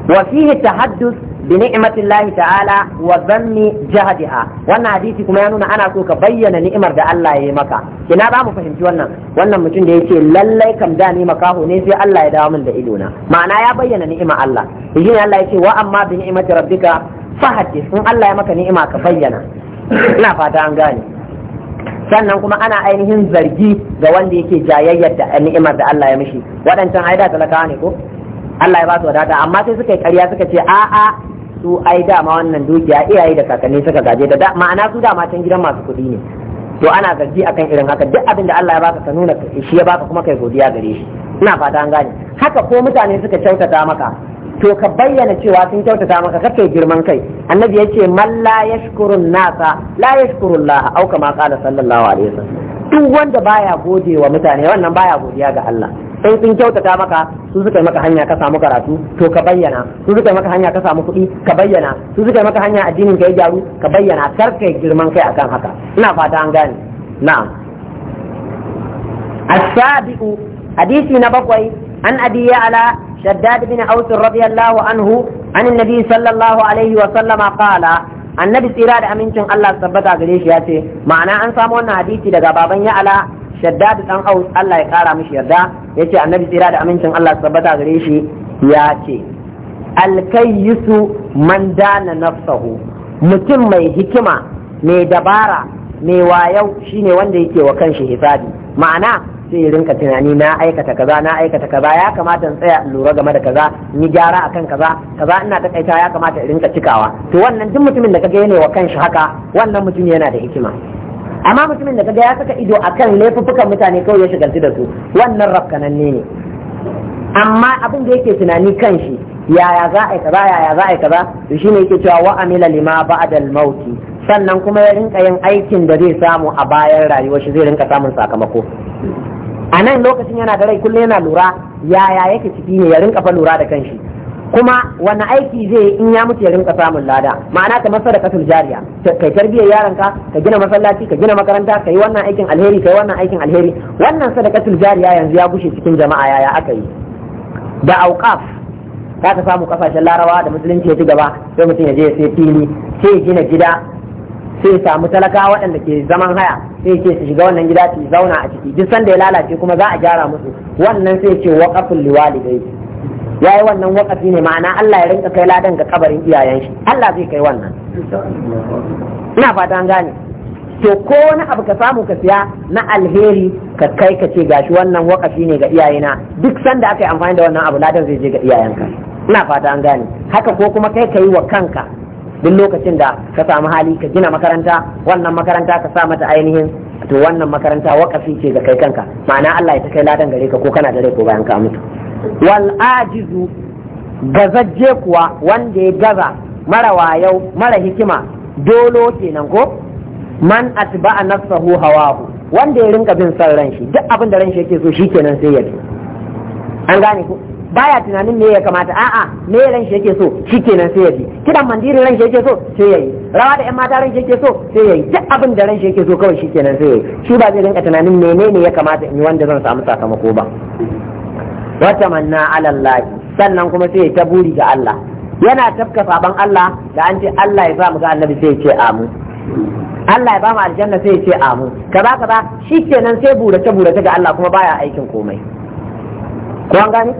وفيه التحدث بنعمة الله تعالى وذم جهدها وانا حديثي كما ينون انا سوك بيّن نعمة دا الله يمكا كنا بام فهم جوانا وانا متون دي يشي للي كم دا نعمة هو نيسي الله يدامن دا إلونا معنى يا بيّن نعمة الله يجينا الله يشي واما بنعمة ربك فهدث من الله يمكا نعمة كبيّن لا فاتا انغاني sannan kuma ana ainihin zargi ga wanda yake jayayyar da ni'imar da Allah ya mishi waɗancan aida talakawa ne ko Allah ya ba su wadata amma sai suka yi ƙarya suka ce a a su ai dama wannan dukiya iyaye da kakanni suka gaje da ma'ana su dama can gidan masu kuɗi ne to ana zargi akan irin haka duk abin da Allah ya baka ka nuna shi ya baka kuma kai godiya gare shi ina fata an gane haka ko mutane suka kyautata maka to ka bayyana cewa sun kyautata maka kake girman kai annabi ya ce man la yashkurun nasa la yashkurun laha au kama qala sallallahu alaihi wasallam duk wanda baya godewa mutane wannan baya godiya ga Allah sai sun kyautata maka su suka yi maka hanya ka samu karatu to ka bayyana su suka yi maka hanya ka samu kuɗi ka bayyana su suka yi maka hanya addinin ka ya gyaru ka bayyana kar ka yi girman kai akan haka ina fata an gane na'am as-sabi'u hadisi na bakwai an abi ala shaddad bin aus radiyallahu anhu an annabi sallallahu alaihi wa sallama qala annabi tsira da amincin Allah tabbata gare shi ya ce ma'ana an samu wannan hadisi daga baban ya'ala shaddad dan aus Allah ya kara mishi yarda yace annabi tsira da amincin Allah tabbata gare shi ya ce alkayyisu man dana nafsahu mutum mai hikima mai dabara mai wayau shine wanda yake wa kanshi hisabi ma'ana sai rinka tunani na aikata kaza na aikata kaza ya kamata in tsaya lura game da kaza ni gyara akan kaza kaza ina takaita ya kamata in rinka cikawa to wannan duk mutumin da kaga yana wa kanshi haka wannan mutum yana da hikima amma mutumin da kaga ya saka ido akan laifuffukan mutane kawai ya shigarci da su wannan rafkananne ne amma abin da yake tunani kan shi yaya za a yi kaza yaya za a yi kaza to shine yake cewa wa amila lima ba'da al-mauti sannan kuma ya rinka yin aikin da zai samu a bayan rayuwar shi zai rinka samun sakamako a nan lokacin yana da rai kullum yana lura yaya yake ciki ne ya rinka fa lura da kanshi kuma wani aiki zai in ya mutu ya rinka samun lada ma'ana kamar sadaqatul jariya kai tarbiyyar yaranka ka gina masallaci ka gina makaranta kai wannan aikin alheri kai wannan aikin alheri wannan sadaqatul jariya yanzu ya gushe cikin jama'a yaya aka yi da auqaf ka samu kasashen larawa da musulunci ya ci gaba sai mutum ya je sai fili sai gina gida sai samu talaka waɗanda ke zaman haya sai ce su shiga wannan gida su zauna a ciki duk sanda ya lalace kuma za a gyara musu wannan sai ce waqaful liwalidai ya yi wannan wakafi ne ma'ana Allah ya rinka kai ladan ga kabarin iyayen shi Allah zai kai wannan ina fata an gane to ko wani abu ka samu ka siya na alheri ka kai ka ce gashi wannan wakafi ne ga iyayena duk sanda aka yi amfani da wannan abu ladan zai je ga iyayenka ina fata an gane haka ko kuma kai ka yi wa kanka duk lokacin da ka samu hali ka gina makaranta wannan makaranta ka sa mata ainihin to wannan makaranta wakafi ce ga kai kanka ma'ana Allah ya ta kai ladan gare ka ko kana da rai ko bayan ka mutu wal ajizu gazajje kuwa wanda ya gaza mara wayau mara hikima dolo kenan ko man atba'a nafsahu hawahu wanda ya rinka bin son ran shi duk abin da ran shi yake so shikenan sai ya bi an gane ko baya tunanin me ya kamata a'a me ran shi yake so shikenan sai ya bi kidan mandiri ran shi yake so sai ya yi rawa da yan mata ran shi yake so sai ya yi duk abin da ran shi yake so kawai shikenan sai ya yi shi ba zai rinka tunanin menene ya kamata in yi wanda zan samu sakamako ba wata manna ala sannan kuma sai ta buri ga Allah yana tafka saban Allah da an ce Allah ya ba mu ga annabi sai ya ce amu Allah ya ba mu aljanna sai ya ce amu kaza kaza shikenan sai bura ta ga Allah kuma baya aikin komai ko an gani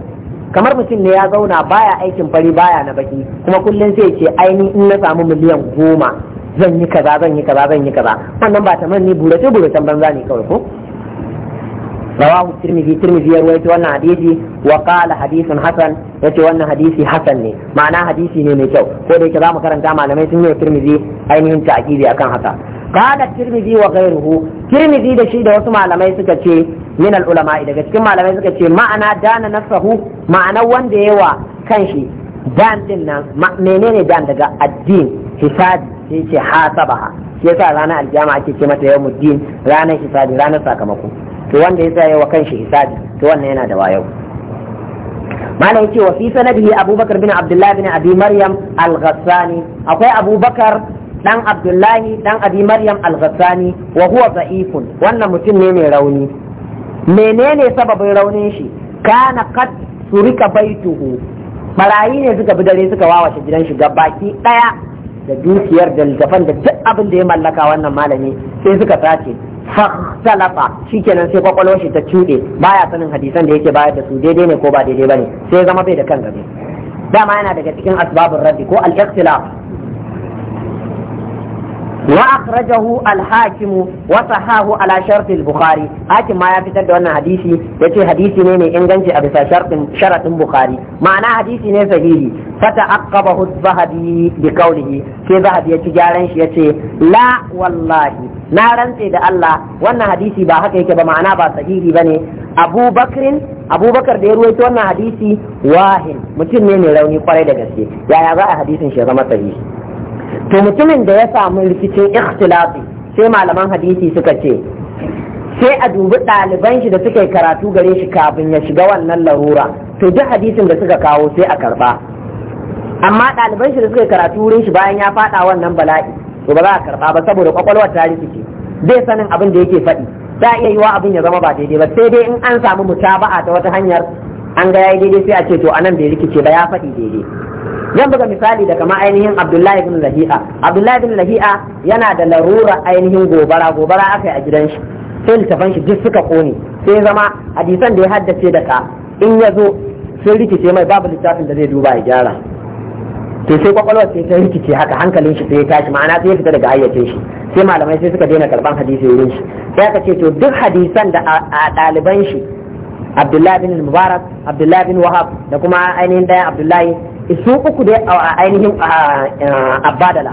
kamar mutum ne ya zauna baya aikin fari baya na baki kuma kullum sai ya ce aini in na samu miliyan goma zan yi kaza zan yi kaza zan yi kaza wannan ba ta burace buracen banza ne kawai ko رواه الترمذي الترمذي يرويت وانا حديثي وقال حديث حسن yace wannan hadisi hasan ne ma'ana hadisi ne mai kyau ko da yake za mu karanta malamai sun yi wa tirmidhi ainihin ta'kidi akan haka qala tirmidhi wa ghayruhu tirmidhi da shi da wasu malamai suka ce min al ulama daga cikin malamai suka ce ma'ana dana nafsahu ma'ana wanda ya yawa kanshi dan din nan menene dan daga addin hisabi sai ce hasabaha yasa ranar aljama ake ce mata yawmuddin ranar hisabi ranar sakamako to wanda ya saya wa kanshi hisabi to wannan yana da wayo malam ce wa fi sanadihi abubakar bin abdullahi bin abi maryam al-ghassani akwai abubakar dan abdullahi dan abi maryam al-ghassani wa huwa za'ifun. wannan mutum ne mai rauni menene sababin raunin shi kana qad surika baituhu barayi ne suka bi dare suka wawashe gidan shi baki daya da dukiyar da littafan da duk abin da ya mallaka wannan malami sai suka sace shi shikenan sai kwakwalwar shi ta cuɗe baya sanin hadisan da yake bayar da su daidai ne ko ba daidai bane sai zama bai da kan gabe dama yana daga cikin asbabun raddi ko al-ikhtilaf وأخرجه الحاكم وصحاه على شرط البخاري حاكم ما يفتر دون حديثي يتي حديثي نيني إنجنجي أبسا شرط شرط البخاري معنى حديثي ني صحيحي فتعقبه الذهبي بقوله في ذهب يتجارنش يتي لا والله نارن سيد الله وانا حديثي باحك يكبا معنى با صحيحي بني أبو بكر أبو بكر da ya ruwaito wannan hadisi wahin mutum ne mai rauni kwarai da gaske yaya za a hadisin shi zama sahihi to mutumin da ya samu rikicin ikhtilafi sai malaman hadisi suka ce sai a dubi ɗaliban shi da suka yi karatu gare shi kafin ya shiga wannan larura to duk hadisin da suka kawo sai a karba amma ɗaliban shi da suka yi karatu wurin shi bayan ya faɗa wannan bala'i to ba za a karba ba saboda kwakwalwar ta rikice zai sanin abin da yake faɗi za a iya yiwa abin ya zama ba daidai ba sai dai in an samu mutaba'a ta wata hanyar an ga yayi daidai sai a ce to anan bai rikice ba ya faɗi daidai zan buga misali da kama ainihin abdullahi bin lahi'a abdullahi bin lahi'a yana da larura ainihin gobara gobara aka yi a gidan shi sai littafan shi duk suka kone sai zama hadisan da ya haddace da in ya zo sun rikice mai babu littafin da zai duba ya gyara to sai kwakwalwar sai ta rikice haka hankalin shi sai ya tashi ma'ana sai ya fita daga hayyacin shi sai malamai sai suka daina karban hadisi wurin shi sai aka ce to duk hadisan da a ɗaliban shi abdullahi bin mubarak abdullahi bin wahab da kuma ainihin ɗaya abdullahi su uku dai a ainihin abadala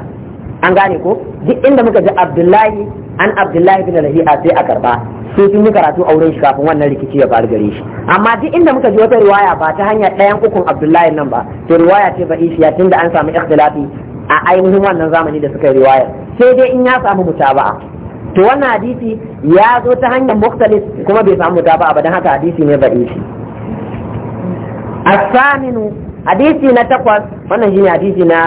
an gane ko duk inda muka ji abdullahi an abdullahi bin lahiya sai a karba sai sun yi karatu a wurin shi kafin wannan rikici ya faru gare shi amma duk inda muka ji wata riwaya ba ta hanyar ɗayan ukun abdullahi nan ba to riwaya ce ba ishiya tunda an samu ikhtilafi a ainihin wannan zamani da suka yi riwaya sai dai in ya samu mutaba'a to wannan hadisi ya zo ta hanyar muktalis kuma bai samu ta ba abadan haka hadisi ne da'ifi asaminu hadisi na takwas wannan shine hadisi na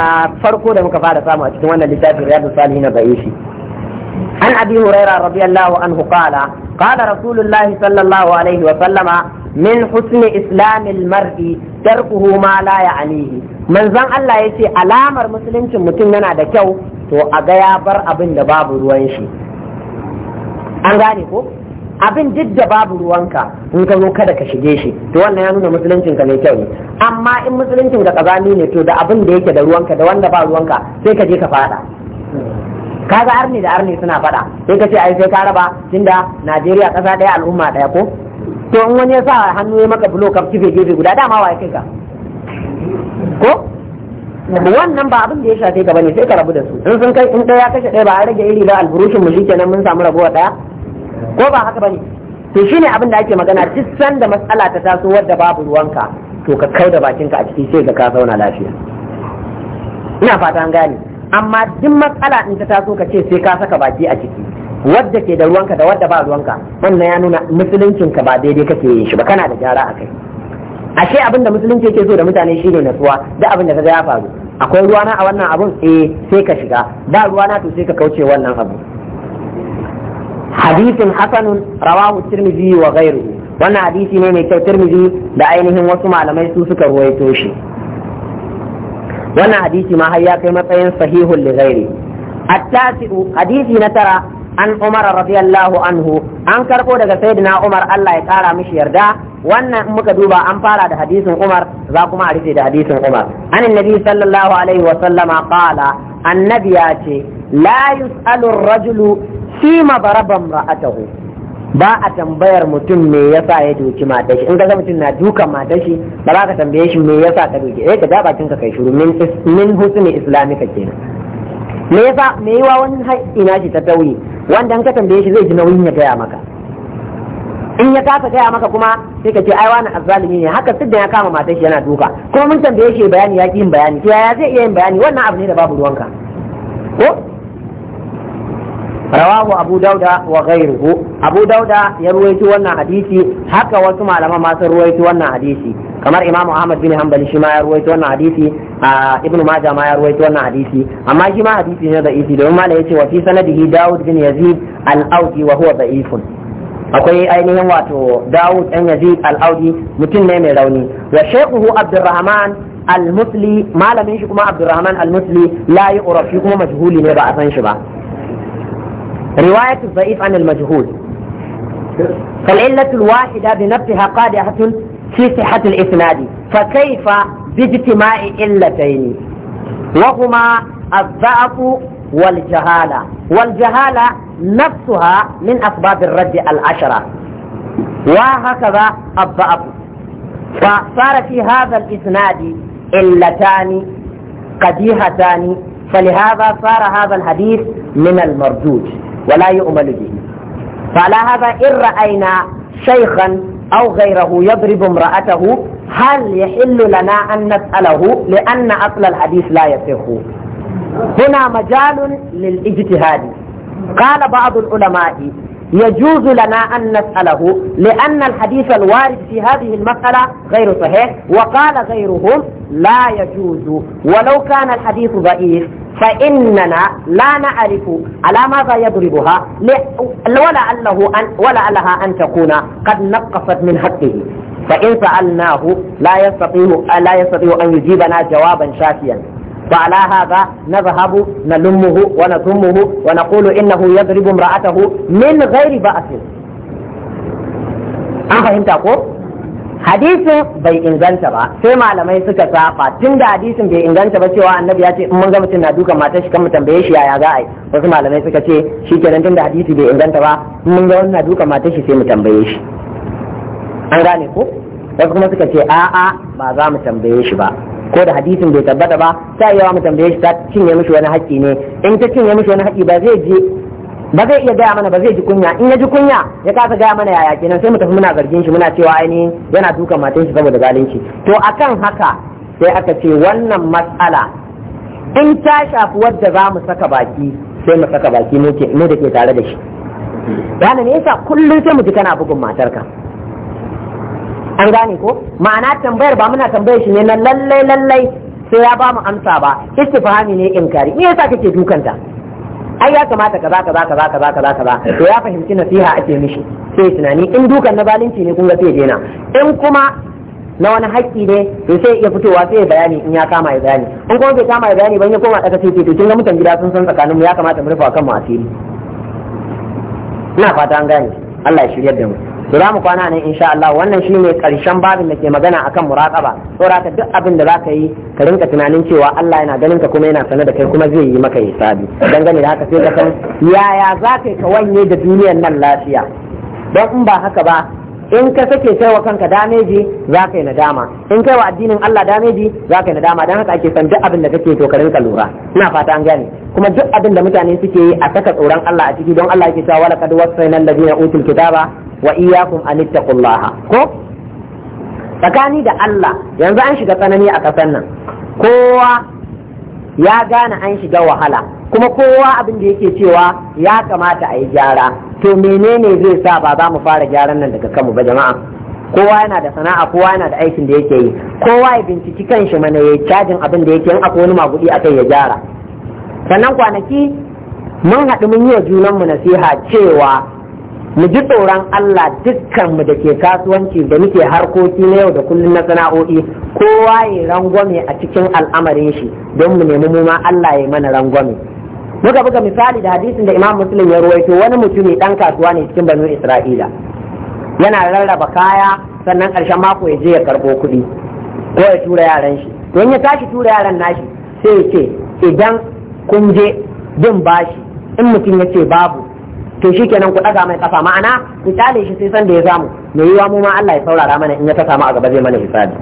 farko da muka fara samu a cikin wannan littafin riyadu na da'ifi an abi huraira radiyallahu anhu qala qala rasulullahi sallallahu alaihi wa sallama min husni islamil mar'i tarkuhu ma la ya'nihi manzon Allah yace alamar musuluncin mutum yana da kyau to a ga ya bar abin da babu ruwan shi an gane ko abin duk da babu ruwanka in ka zo kada ka shige shi to wannan ya nuna musuluncin ka mai kyau ne amma in musuluncin ka kazani ne to da abin da yake da ruwanka da wanda ba ruwanka sai ka je ka fada kaga arni da arni suna fada sai ka ce ai sai ka raba tunda Najeriya kasa daya al'umma daya ko to in wani ya sa hannu ya maka bulo kaf kife gefe guda dama wa kai ka ko wannan ba abin da ya shafe ka bane sai ka rabu da su in sun kai in ɗaya kashe ɗaya ba a rage iri da alburushin mu shikenan mun samu rabuwa ɗaya ko ba haka bane to shine abin da ake magana duk sanda matsala ta taso wadda babu ruwanka to ka kai da bakinka a ciki sai ga ka zauna lafiya ina fata an gane amma duk matsala in ta taso ka ce sai ka saka baki a ciki wadda ke da ruwanka da wadda ba ruwanka wannan ya nuna musuluncinka ba daidai kake yin shi ba kana da gyara a kai ashe abinda musulunci yake so da mutane shine natsuwa da abin da kaga ya faru akwai ruwana a wannan abun eh sai ka shiga ba ruwana to sai ka kauce wannan abu Hadisin hasanun rawahu tirmidhi wa ghayruhu wannan hadisi ne mai kyau tirmidhi da ainihin wasu malamai su suka ruwaito shi wannan hadisi ma har ya kai matsayin sahihun li ghairi at hadisi na tara an Umar radiyallahu anhu an karɓo daga saidina Umar Allah ya kara mishi yarda wannan muka duba an fara da hadisin Umar za kuma a rufe da hadisin Umar an nabi sallallahu alaihi wa sallama qala annabi ya ce la yus'alu rajulu fima baraban ra'atahu ba a tambayar mutum me yasa ya doki matashi shi in ka mutum na dukan matashi shi ba za ka tambaye shi me yasa ka doki eh ka da bakin ka kai shiru min min husni islamika kenan me yasa me yiwa wani ina shi ta tauye wanda in ka tambaye shi zai ji nauyin ya gaya maka in ya kasa gaya maka kuma sai ka ce ai wani azzalimi ne haka sidda ya kama matashi shi yana duka kuma mun tambaye shi bayani ya ki yin bayani to ya zai iya yin bayani wannan abu ne da babu ruwanka ko rawahu abu dauda wa ghairuhu abu dauda ya ruwaito wannan hadisi haka wasu malaman ma sun ruwaito wannan hadisi kamar imam ahmad bin hanbali shi ma ya ruwaito wannan hadisi a ibn maja ma ya ruwaito wannan hadisi amma shi ma hadisi ne da isi domin malam yace wa fi sanadihi daud bin yazid al-audi wa huwa da'ifun akwai ainihin wato Dawud, dan yazid al-audi mutum ne mai rauni wa shaykhuhu abdurrahman المثلي ما لم يشكو ما عبد الرحمن المثلي لا يعرف kuma majhuli ne ba a san shi ba رواية الضعيف عن المجهول فالعلة الواحدة بنفسها قادحة في صحة الإسناد فكيف باجتماع علتين وهما الضعف والجهالة والجهالة نفسها من أسباب الرد العشرة وهكذا الضعف فصار في هذا الإسناد علتان قديهتان فلهذا صار هذا الحديث من المردود ولا يؤمل به فعلى هذا إن رأينا شيخا أو غيره يضرب امرأته هل يحل لنا أن نسأله لأن أصل الحديث لا يصح هنا مجال للاجتهاد قال بعض العلماء يجوز لنا أن نسأله لأن الحديث الوارد في هذه المسألة غير صحيح وقال غيرهم لا يجوز ولو كان الحديث ضعيف فإننا لا نعرف على ماذا يضربها أنه أن ولعلها أن تكون قد نقصت من حقه فإن سألناه لا يستطيع لا يستطيع أن يجيبنا جوابا شافيا فعلى هذا نذهب نلمه ونذمه ونقول إنه يضرب امرأته من غير بأس أفهمت أقول؟ hadisin bai inganta ba sai malamai suka saba tun da hadisin bai inganta ba cewa annabi ya ce in mun ga mutum na dukan mata shi kan mu tambaye shi yaya za a yi wasu malamai suka ce shi kenan tun da hadisi bai inganta ba in mun ga wani na dukan mata shi sai mu tambaye shi an gane ko wasu kuma suka ce a'a ba za mu tambaye shi ba ko da hadisin bai tabbata ba sai yawa mu tambaye shi ta cinye mishi wani haƙƙi ne in ta cinye mishi wani haƙƙi ba zai je ba zai iya gaya mana ba zai ji kunya in ya ji kunya ya kasa gaya mana yaya kenan sai mu tafi muna zargin shi muna cewa ainihin yana dukan matan shi saboda zalunci to akan haka sai aka ce wannan matsala in ta shafi wadda za mu saka baki sai mu saka baki ne da ke tare da shi yana ne yasa kullum sai mu ji kana bugun matarka an gane ko ma'ana tambayar ba muna tambayar shi ne na lallai lallai sai ya ba mu amsa ba istifhami ne inkari me yasa kake dukanta ai ya kamata ka kaza kaza kaza kaza kaza ba to ya fahimci nasiha ake mishi sai tunani in dukan na balinci ne kun ga sai daina in kuma na wani haƙƙi ne to sai ya fitowa sai ya bayani in ya kama ya bayani in kuma bai kama ya bayani ban ya koma daga sai to kin ga mutan gida sun san tsakanin mu ya kamata mu rufa kanmu asiri ina fata an gane Allah ya shiryar da mu to za mu kwana ne insha Allah wannan ne karshen babin da ke magana akan muraqaba saboda duk abin da zaka yi ka rinka tunanin cewa Allah yana ganin ka kuma yana sanar da kai kuma zai yi maka hisabi dangane da haka sai ka san yaya zaka ka wanye da duniyar nan lafiya don in ba haka ba in ka sake kai kanka dameji za ka yi nadama in kai wa addinin Allah dameji za ka yi nadama don haka ake san duk abin da kake to ka rinka lura ina fata an gane kuma duk abin da mutane suke yi a saka tsoron Allah a ciki don Allah yake cewa wala kad wasaina alladhina utul kitaba wa iyakum an ittaqullaha ko tsakani da Allah yanzu an shiga tsanani a kasan nan kowa ya gane an shiga wahala kuma kowa abin da yake cewa ya kamata a yi gyara to menene zai sa ba za mu fara gyaran nan daga kanmu ba jama'a kowa yana da sana'a kowa yana da aikin da yake yi kowa ya binciki kan kanshi mana ya cajin abin da yake yin akwai wani magudi a kai ya gyara sannan kwanaki mun haɗu mun yi wa junanmu nasiha cewa mu ji tsoron Allah dukkanmu da ke kasuwanci da muke harkoki na yau da kullum na sana'o'i kowa ya rangwame a cikin al'amarin shi don mu nemi mu ma Allah ya mana rangwame muka buga misali da hadisin da Imam Muslim ya ruwaito wani mutumi dan kasuwa ne cikin Banu Isra'ila yana rarraba kaya sannan karshen mako ya je ya karɓo kuɗi ko ya tura yaran shi don ya tashi tura yaran nashi sai ya ce idan kun je bin bashi in mutum ya ce babu to shi kenan ku daga mai kafa ma'ana ku tale shi sai san da ya samu mai yiwa mu ma Allah ya saurara mana in ya ta samu a gaba zai mana hisabi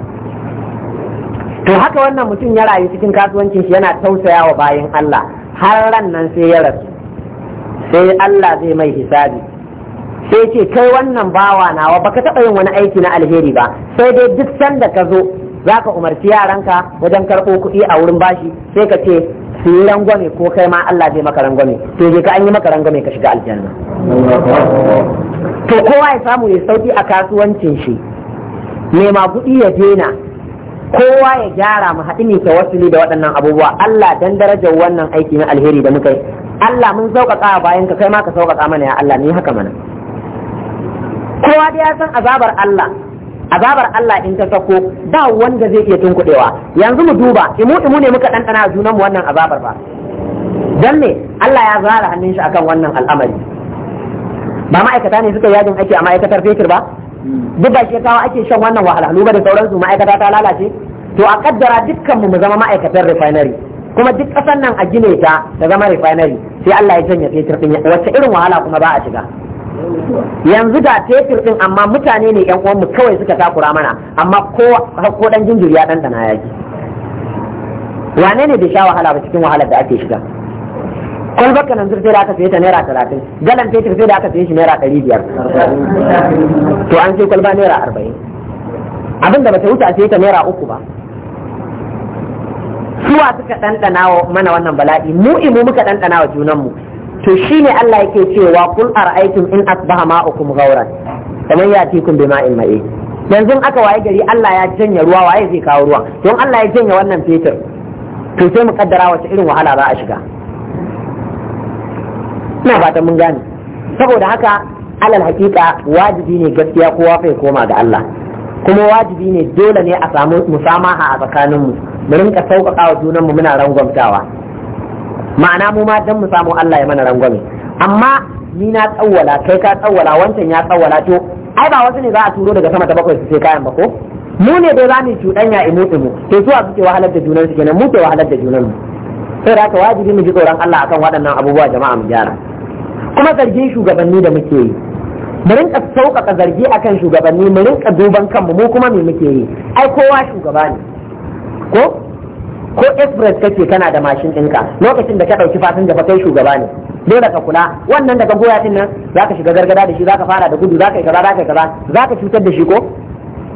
to haka wannan mutum ya rayu cikin kasuwancin shi yana wa bayan Allah har ran nan sai ya rasu sai Allah zai mai hisabi sai ce kai wannan bawa nawa baka taɓa yin wani aiki na alheri ba sai dai duk sanda ka zo za ka umarci yaranka wajen karɓo kuɗi a wurin bashi sai ka ce su yi rangwame ko kai ma Allah zai maka rangwame to je ka an yi maka rangwame ka shiga aljanna to kowa ya samu ya sauki a kasuwancin shi nema kuɗi ya dena kowa ya gyara mu haɗu ne tawassuli da waɗannan abubuwa Allah dan darajar wannan aiki na alheri da muka yi Allah mun sauƙaƙa bayan ka kai ma ka sauƙaƙa mana ya Allah ne haka mana kowa da ya san azabar Allah azabar Allah in ta sako ba wanda zai iya tunkuɗewa yanzu mu duba imu imu ne muka ɗanɗana junan mu wannan azabar ba dan ne Allah ya zara hannun shi akan wannan al'amari ba ma'aikata ne suka yajin aiki a ma'aikatar fetur ba duk da kawo ake shan wannan wahalhalu ba da sauransu ma'aikata ta lalace to a kaddara dukkan mu mu zama ma'aikatar refinery kuma duk ƙasar nan a gine ta ta zama refinery sai Allah ya janye fetur din wacce irin wahala kuma ba a shiga yanzu ga tefir din amma mutane ne yan uwanmu kawai suka takura mana amma ko ko dan jinjiri ya dandana yaki wane ne bai sha wahala ba cikin wahalar da ake shiga kwalbar nan zurfe da aka saye ta naira talatin galan fetur sai da aka saye shi naira ɗari biyar to an sai kwalba naira arba'in abinda ba ta wuce a saye ta naira uku ba suwa suka ɗanɗana mana wannan bala'i mu imu muka ɗanɗana wa junanmu to shi ne Allah yake cewa kul ara'aytum in asbaha ma'ukum ghauran kamar bima in ma'i yanzu aka waye gari Allah ya janya ruwa waye zai kawo ruwa don Allah ya janya wannan fetur to sai mu kaddara wace irin wahala za a shiga ina fatan mun gane saboda haka alal hakika wajibi ne gaskiya kowa ya koma ga Allah kuma wajibi ne dole ne a samu musamaha a tsakaninmu mu rinka sauƙaƙa wa junanmu muna rangwamtawa ma'ana mu ma dan mu samu Allah ya mana rangwame amma ni na tsawwala kai ka tsawwala wancan ya tsawwala to ai ba wasu ne za a turo daga sama ta bakwai su sai kayan ba ko mu ne dai za mu cuɗanya imu mu. to zuwa suke wahalar da junan su kenan mu ke wahalar da junan mu sai da wajibi mu ji tsoron Allah akan waɗannan abubuwa jama'a mu gyara kuma zargin shugabanni da muke yi mu rinka sauƙaƙa zargi akan shugabanni mu rinka duban kanmu mu kuma me muke yi ai kowa shugaba ne ko ko express kake kana da mashin ɗinka lokacin da ka ɗauki fasinja da kai shugaba ne dole ka kula wannan daga goya din nan zaka shiga gargada da shi zaka fara da gudu zaka yi kaza zaka yi kaza zaka cutar da shi ko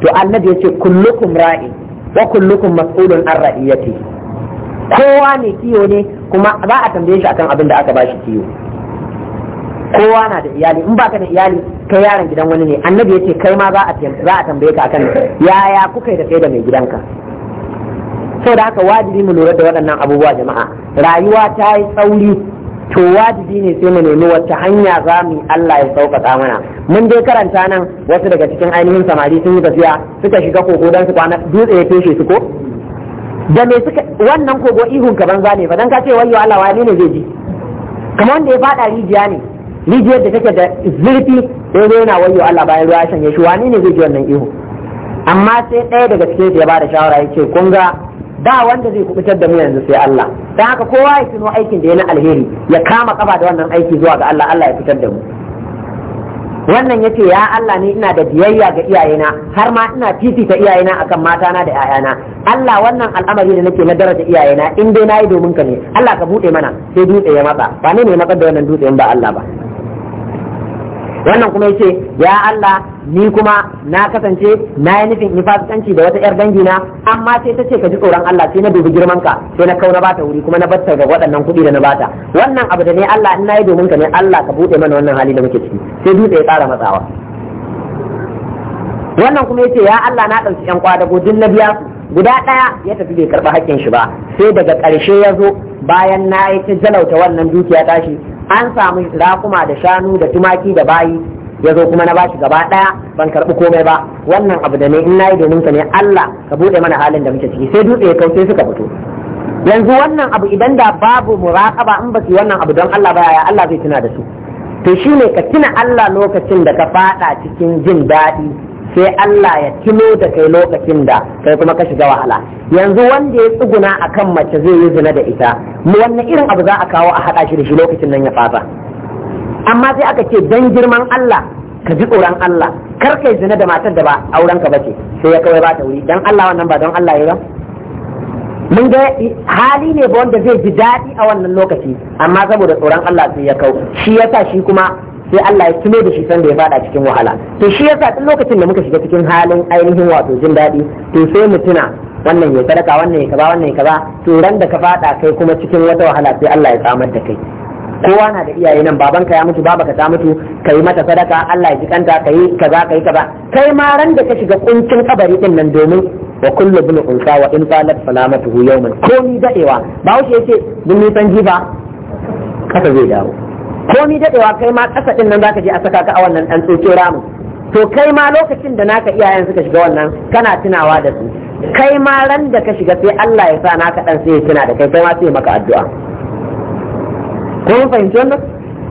to annabi yace kullukum ra'i wa kullukum mas'ulun an ra'iyati kowa ne kiyo ne kuma ba a tambaye shi akan abin da aka bashi kiyo kowa na da iyali in baka da iyali kai yaron gidan wani ne annabi yace kai ma za a tambaye ka akan yaya kuka da kai da mai gidanka saboda haka wajibi mu lura da waɗannan abubuwa jama'a rayuwa ta yi tsauri to wajibi ne sai mu nemi wacce hanya za mu Allah ya sauƙaƙa mana mun dai karanta nan wasu daga cikin ainihin samari sun yi tafiya suka shiga kogo don su kwana dutse ya toshe su ko da me suka wannan kogo ihun ka banza ne fa dan ka ce wayyo Allah wani ne zai ji kamar wanda ya fada rijiya ne rijiyar da take da zurfi sai dai yana wayyo Allah bayan ruwa ya shanye shi wani ne zai ji wannan ihu amma sai ɗaya daga cikin ya ba da shawara ya ce kun ga ba wanda zai kubutar da mu yanzu sai Allah dan haka kowa ya tuno aikin da ya na alheri ya kama kafa da wannan aiki zuwa ga Allah Allah ya fitar da mu wannan yace ya Allah ne ina da biyayya ga iyayena har ma ina fifita iyayena akan matana da ƴaƴana Allah wannan al'amari da nake na daraja iyayena in dai nayi domin ka ne Allah ka bude mana sai dutse ya matsa ba ne ne matsar da wannan dutse in ba Allah ba wannan kuma yace ya Allah ni kuma na kasance na yi nufin in fasikanci da wata yar dangi na amma sai ta ce ka ji tsoron Allah sai na dubi girman ka sai na kau na bata wuri kuma na batta ga waɗannan kuɗi da na bata wannan abu da ne Allah in nayi domin ka ne Allah ka buɗe mana wannan hali da muke ciki sai dutse ya tsara matsawa wannan kuma ya ce ya Allah na ɗauki ƴan kwadago duk na biya su guda ɗaya ya tafi bai karɓi haƙƙin shi ba sai daga ƙarshe ya zo bayan na yi ta jalauta wannan dukiya tashi an samu raƙuma da shanu da tumaki da bayi ya zo kuma na bashi gaba ɗaya ban karbi komai ba wannan abu da ne in nayi domin ka ne Allah ka bude mana halin da muke ciki sai dutse ya kauce suka fito yanzu wannan abu idan da babu muraqaba in ba su wannan abu don Allah ba ya Allah zai tuna da su to shine ka tuna Allah lokacin da ka fada cikin jin daɗi sai Allah ya tuno da kai lokacin da kai kuma ka shiga wahala yanzu wanda ya tsuguna akan mace zai yi zina da ita mu wannan irin abu za a kawo a hada shi da shi lokacin nan ya fasa amma sai aka ce dan girman Allah ka ji tsoron Allah kar kai zina da matar da ba auren ka bace sai ya kawai ba ta wuri dan Allah wannan ba don Allah ya ba mun ga hali ne ba wanda zai ji daɗi a wannan lokaci amma saboda tsoron Allah sai ya kau shi yasa shi kuma sai Allah ya tuno da shi san da ya fada cikin wahala to shi yasa duk lokacin da muka shiga cikin halin ainihin wato jin daɗi to sai mu tuna wannan ya sadaka wannan ya kaza wannan ya kaza to ran da ka fada kai kuma cikin wata wahala sai Allah ya tsamar da kai kowa na da iyaye nan babanka ya mutu babanka ta mutu kai mata sadaka Allah ya ji jikanta kai kaza kai kaza kai ma ran da ka shiga kuncin kabari din nan domin wa kullu bin unsa wa in falat salamatuhu yawman komi dadewa ba wuce yace ni nisan jifa kasa zai dawo komi dadewa kai ma kasa din nan zaka je a saka ka a wannan dan tsoke ramu to kai ma lokacin da naka iyayen suka shiga wannan kana tunawa da su kai ma ran da ka shiga sai Allah ya sa naka dan sai ya tuna da kai kai ma sai maka addu'a ko mun fahimci wannan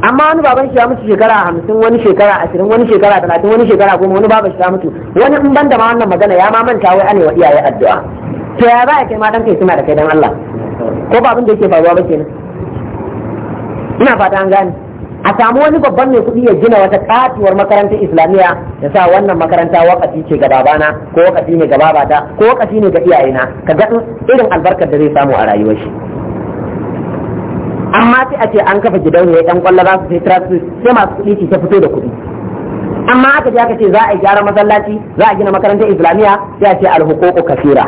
amma wani baban shi ya mutu shekara hamsin wani shekara ashirin wani shekara talatin wani shekara goma wani baban shi ya mutu wani in ban da ma wannan magana ya ma manta wai anewa wa iyaye addu'a to ya za a kai ma dan kai suna da kai dan Allah ko ba abin da yake faruwa ba kenan ina fata an gane a samu wani babban mai kuɗi ya gina wata katuwar makarantar islamiyya ya sa wannan makaranta wakati ce ga babana ko wakati ne ga babata ko wakati ne ga iyayena ka ga irin albarkar da zai samu a rayuwar shi amma sai a ce an kafa gidauniya yan kwallo za su sai transfer sai masu kuɗi ce ta fito da kuɗi amma aka ce aka ce za a yi gyara masallaci za a gina makarantar islamiyya sai a ce alhuququ kasira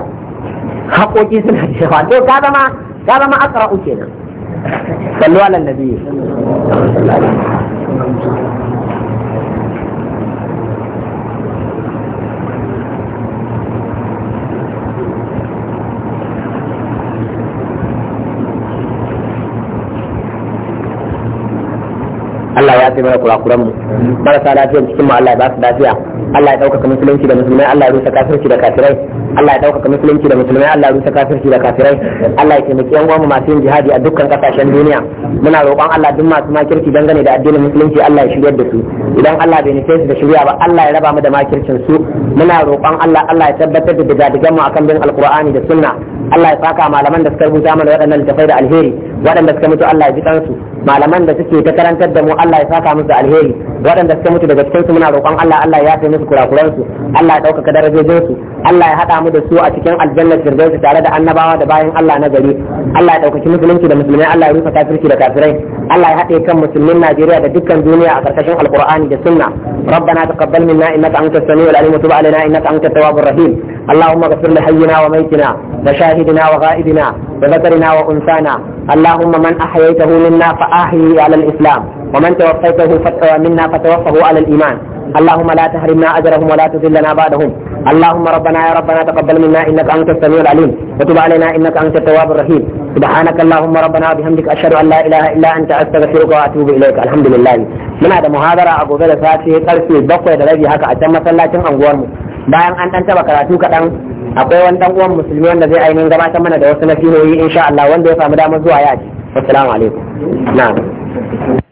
haƙoƙi suna da yawa to ka zama ka zama kenan sallu ala nabi Allah ya fi mana kurakuran mu marasa lafiya cikin mu Allah ya ba su lafiya Allah ya ɗaukaka musulunci da musulmai Allah ya rusa kafirci da kafirai Allah ya ɗaukaka musulunci da musulmai Allah ya rusa kafirci da kafirai Allah ya taimaki yan mu masu yin jihadi a dukkan kasashen duniya muna roƙon Allah duk masu makirci dangane da addinin musulunci Allah ya shiryar da su idan Allah bai nufe su da shirya ba Allah ya raba mu da makircin su muna roƙon Allah Allah ya tabbatar da digadigan mu akan bin alqur'ani da sunna Allah ya saka malaman da suka rubuta mana waɗannan littafai da alheri waɗanda suka mutu Allah ya ji kansu malaman da suke ta karantar da mu Allah ya saka musu alheri waɗanda suka mutu daga cikin su muna roƙon Allah Allah ya yafe musu kurakuran su Allah ya ɗaukaka darajojin su Allah ya haɗa mu da su a cikin aljannar firdausi tare da annabawa da bayan Allah na gari Allah ya ɗaukaki musulunci da musulmai Allah ya rufe kafirci da kafirai Allah ya haɗe kan musulmin Najeriya da dukkan duniya a ƙarƙashin Alƙur'ani da Sunna ربنا تقبل منا انك انت السميع العليم وتب علينا انك انت التواب الرحيم اللهم اغفر لحينا وميتنا وشاهدنا وغائبنا وذكرنا وانثانا اللهم من احييته منا فاحيه على الاسلام ومن توفيته منا فتوفه على الايمان اللهم لا تحرمنا اجرهم ولا تذلنا بعدهم اللهم ربنا يا ربنا تقبل منا انك انت السميع العليم وتب علينا انك انت التواب الرحيم سبحانك اللهم ربنا وبحمدك اشهد ان لا اله الا انت استغفرك واتوب اليك الحمد لله muna da muhadara a gobe da safe karfe bakwai da rabi haka a can masallacin anguwarmu bayan an dan taba karatu kaɗan akwai wani dan uwan musulmi wanda zai ainihin gabatar mana da wasu nasihohi insha Allah wanda ya samu damar zuwa ya ji assalamu alaikum na'am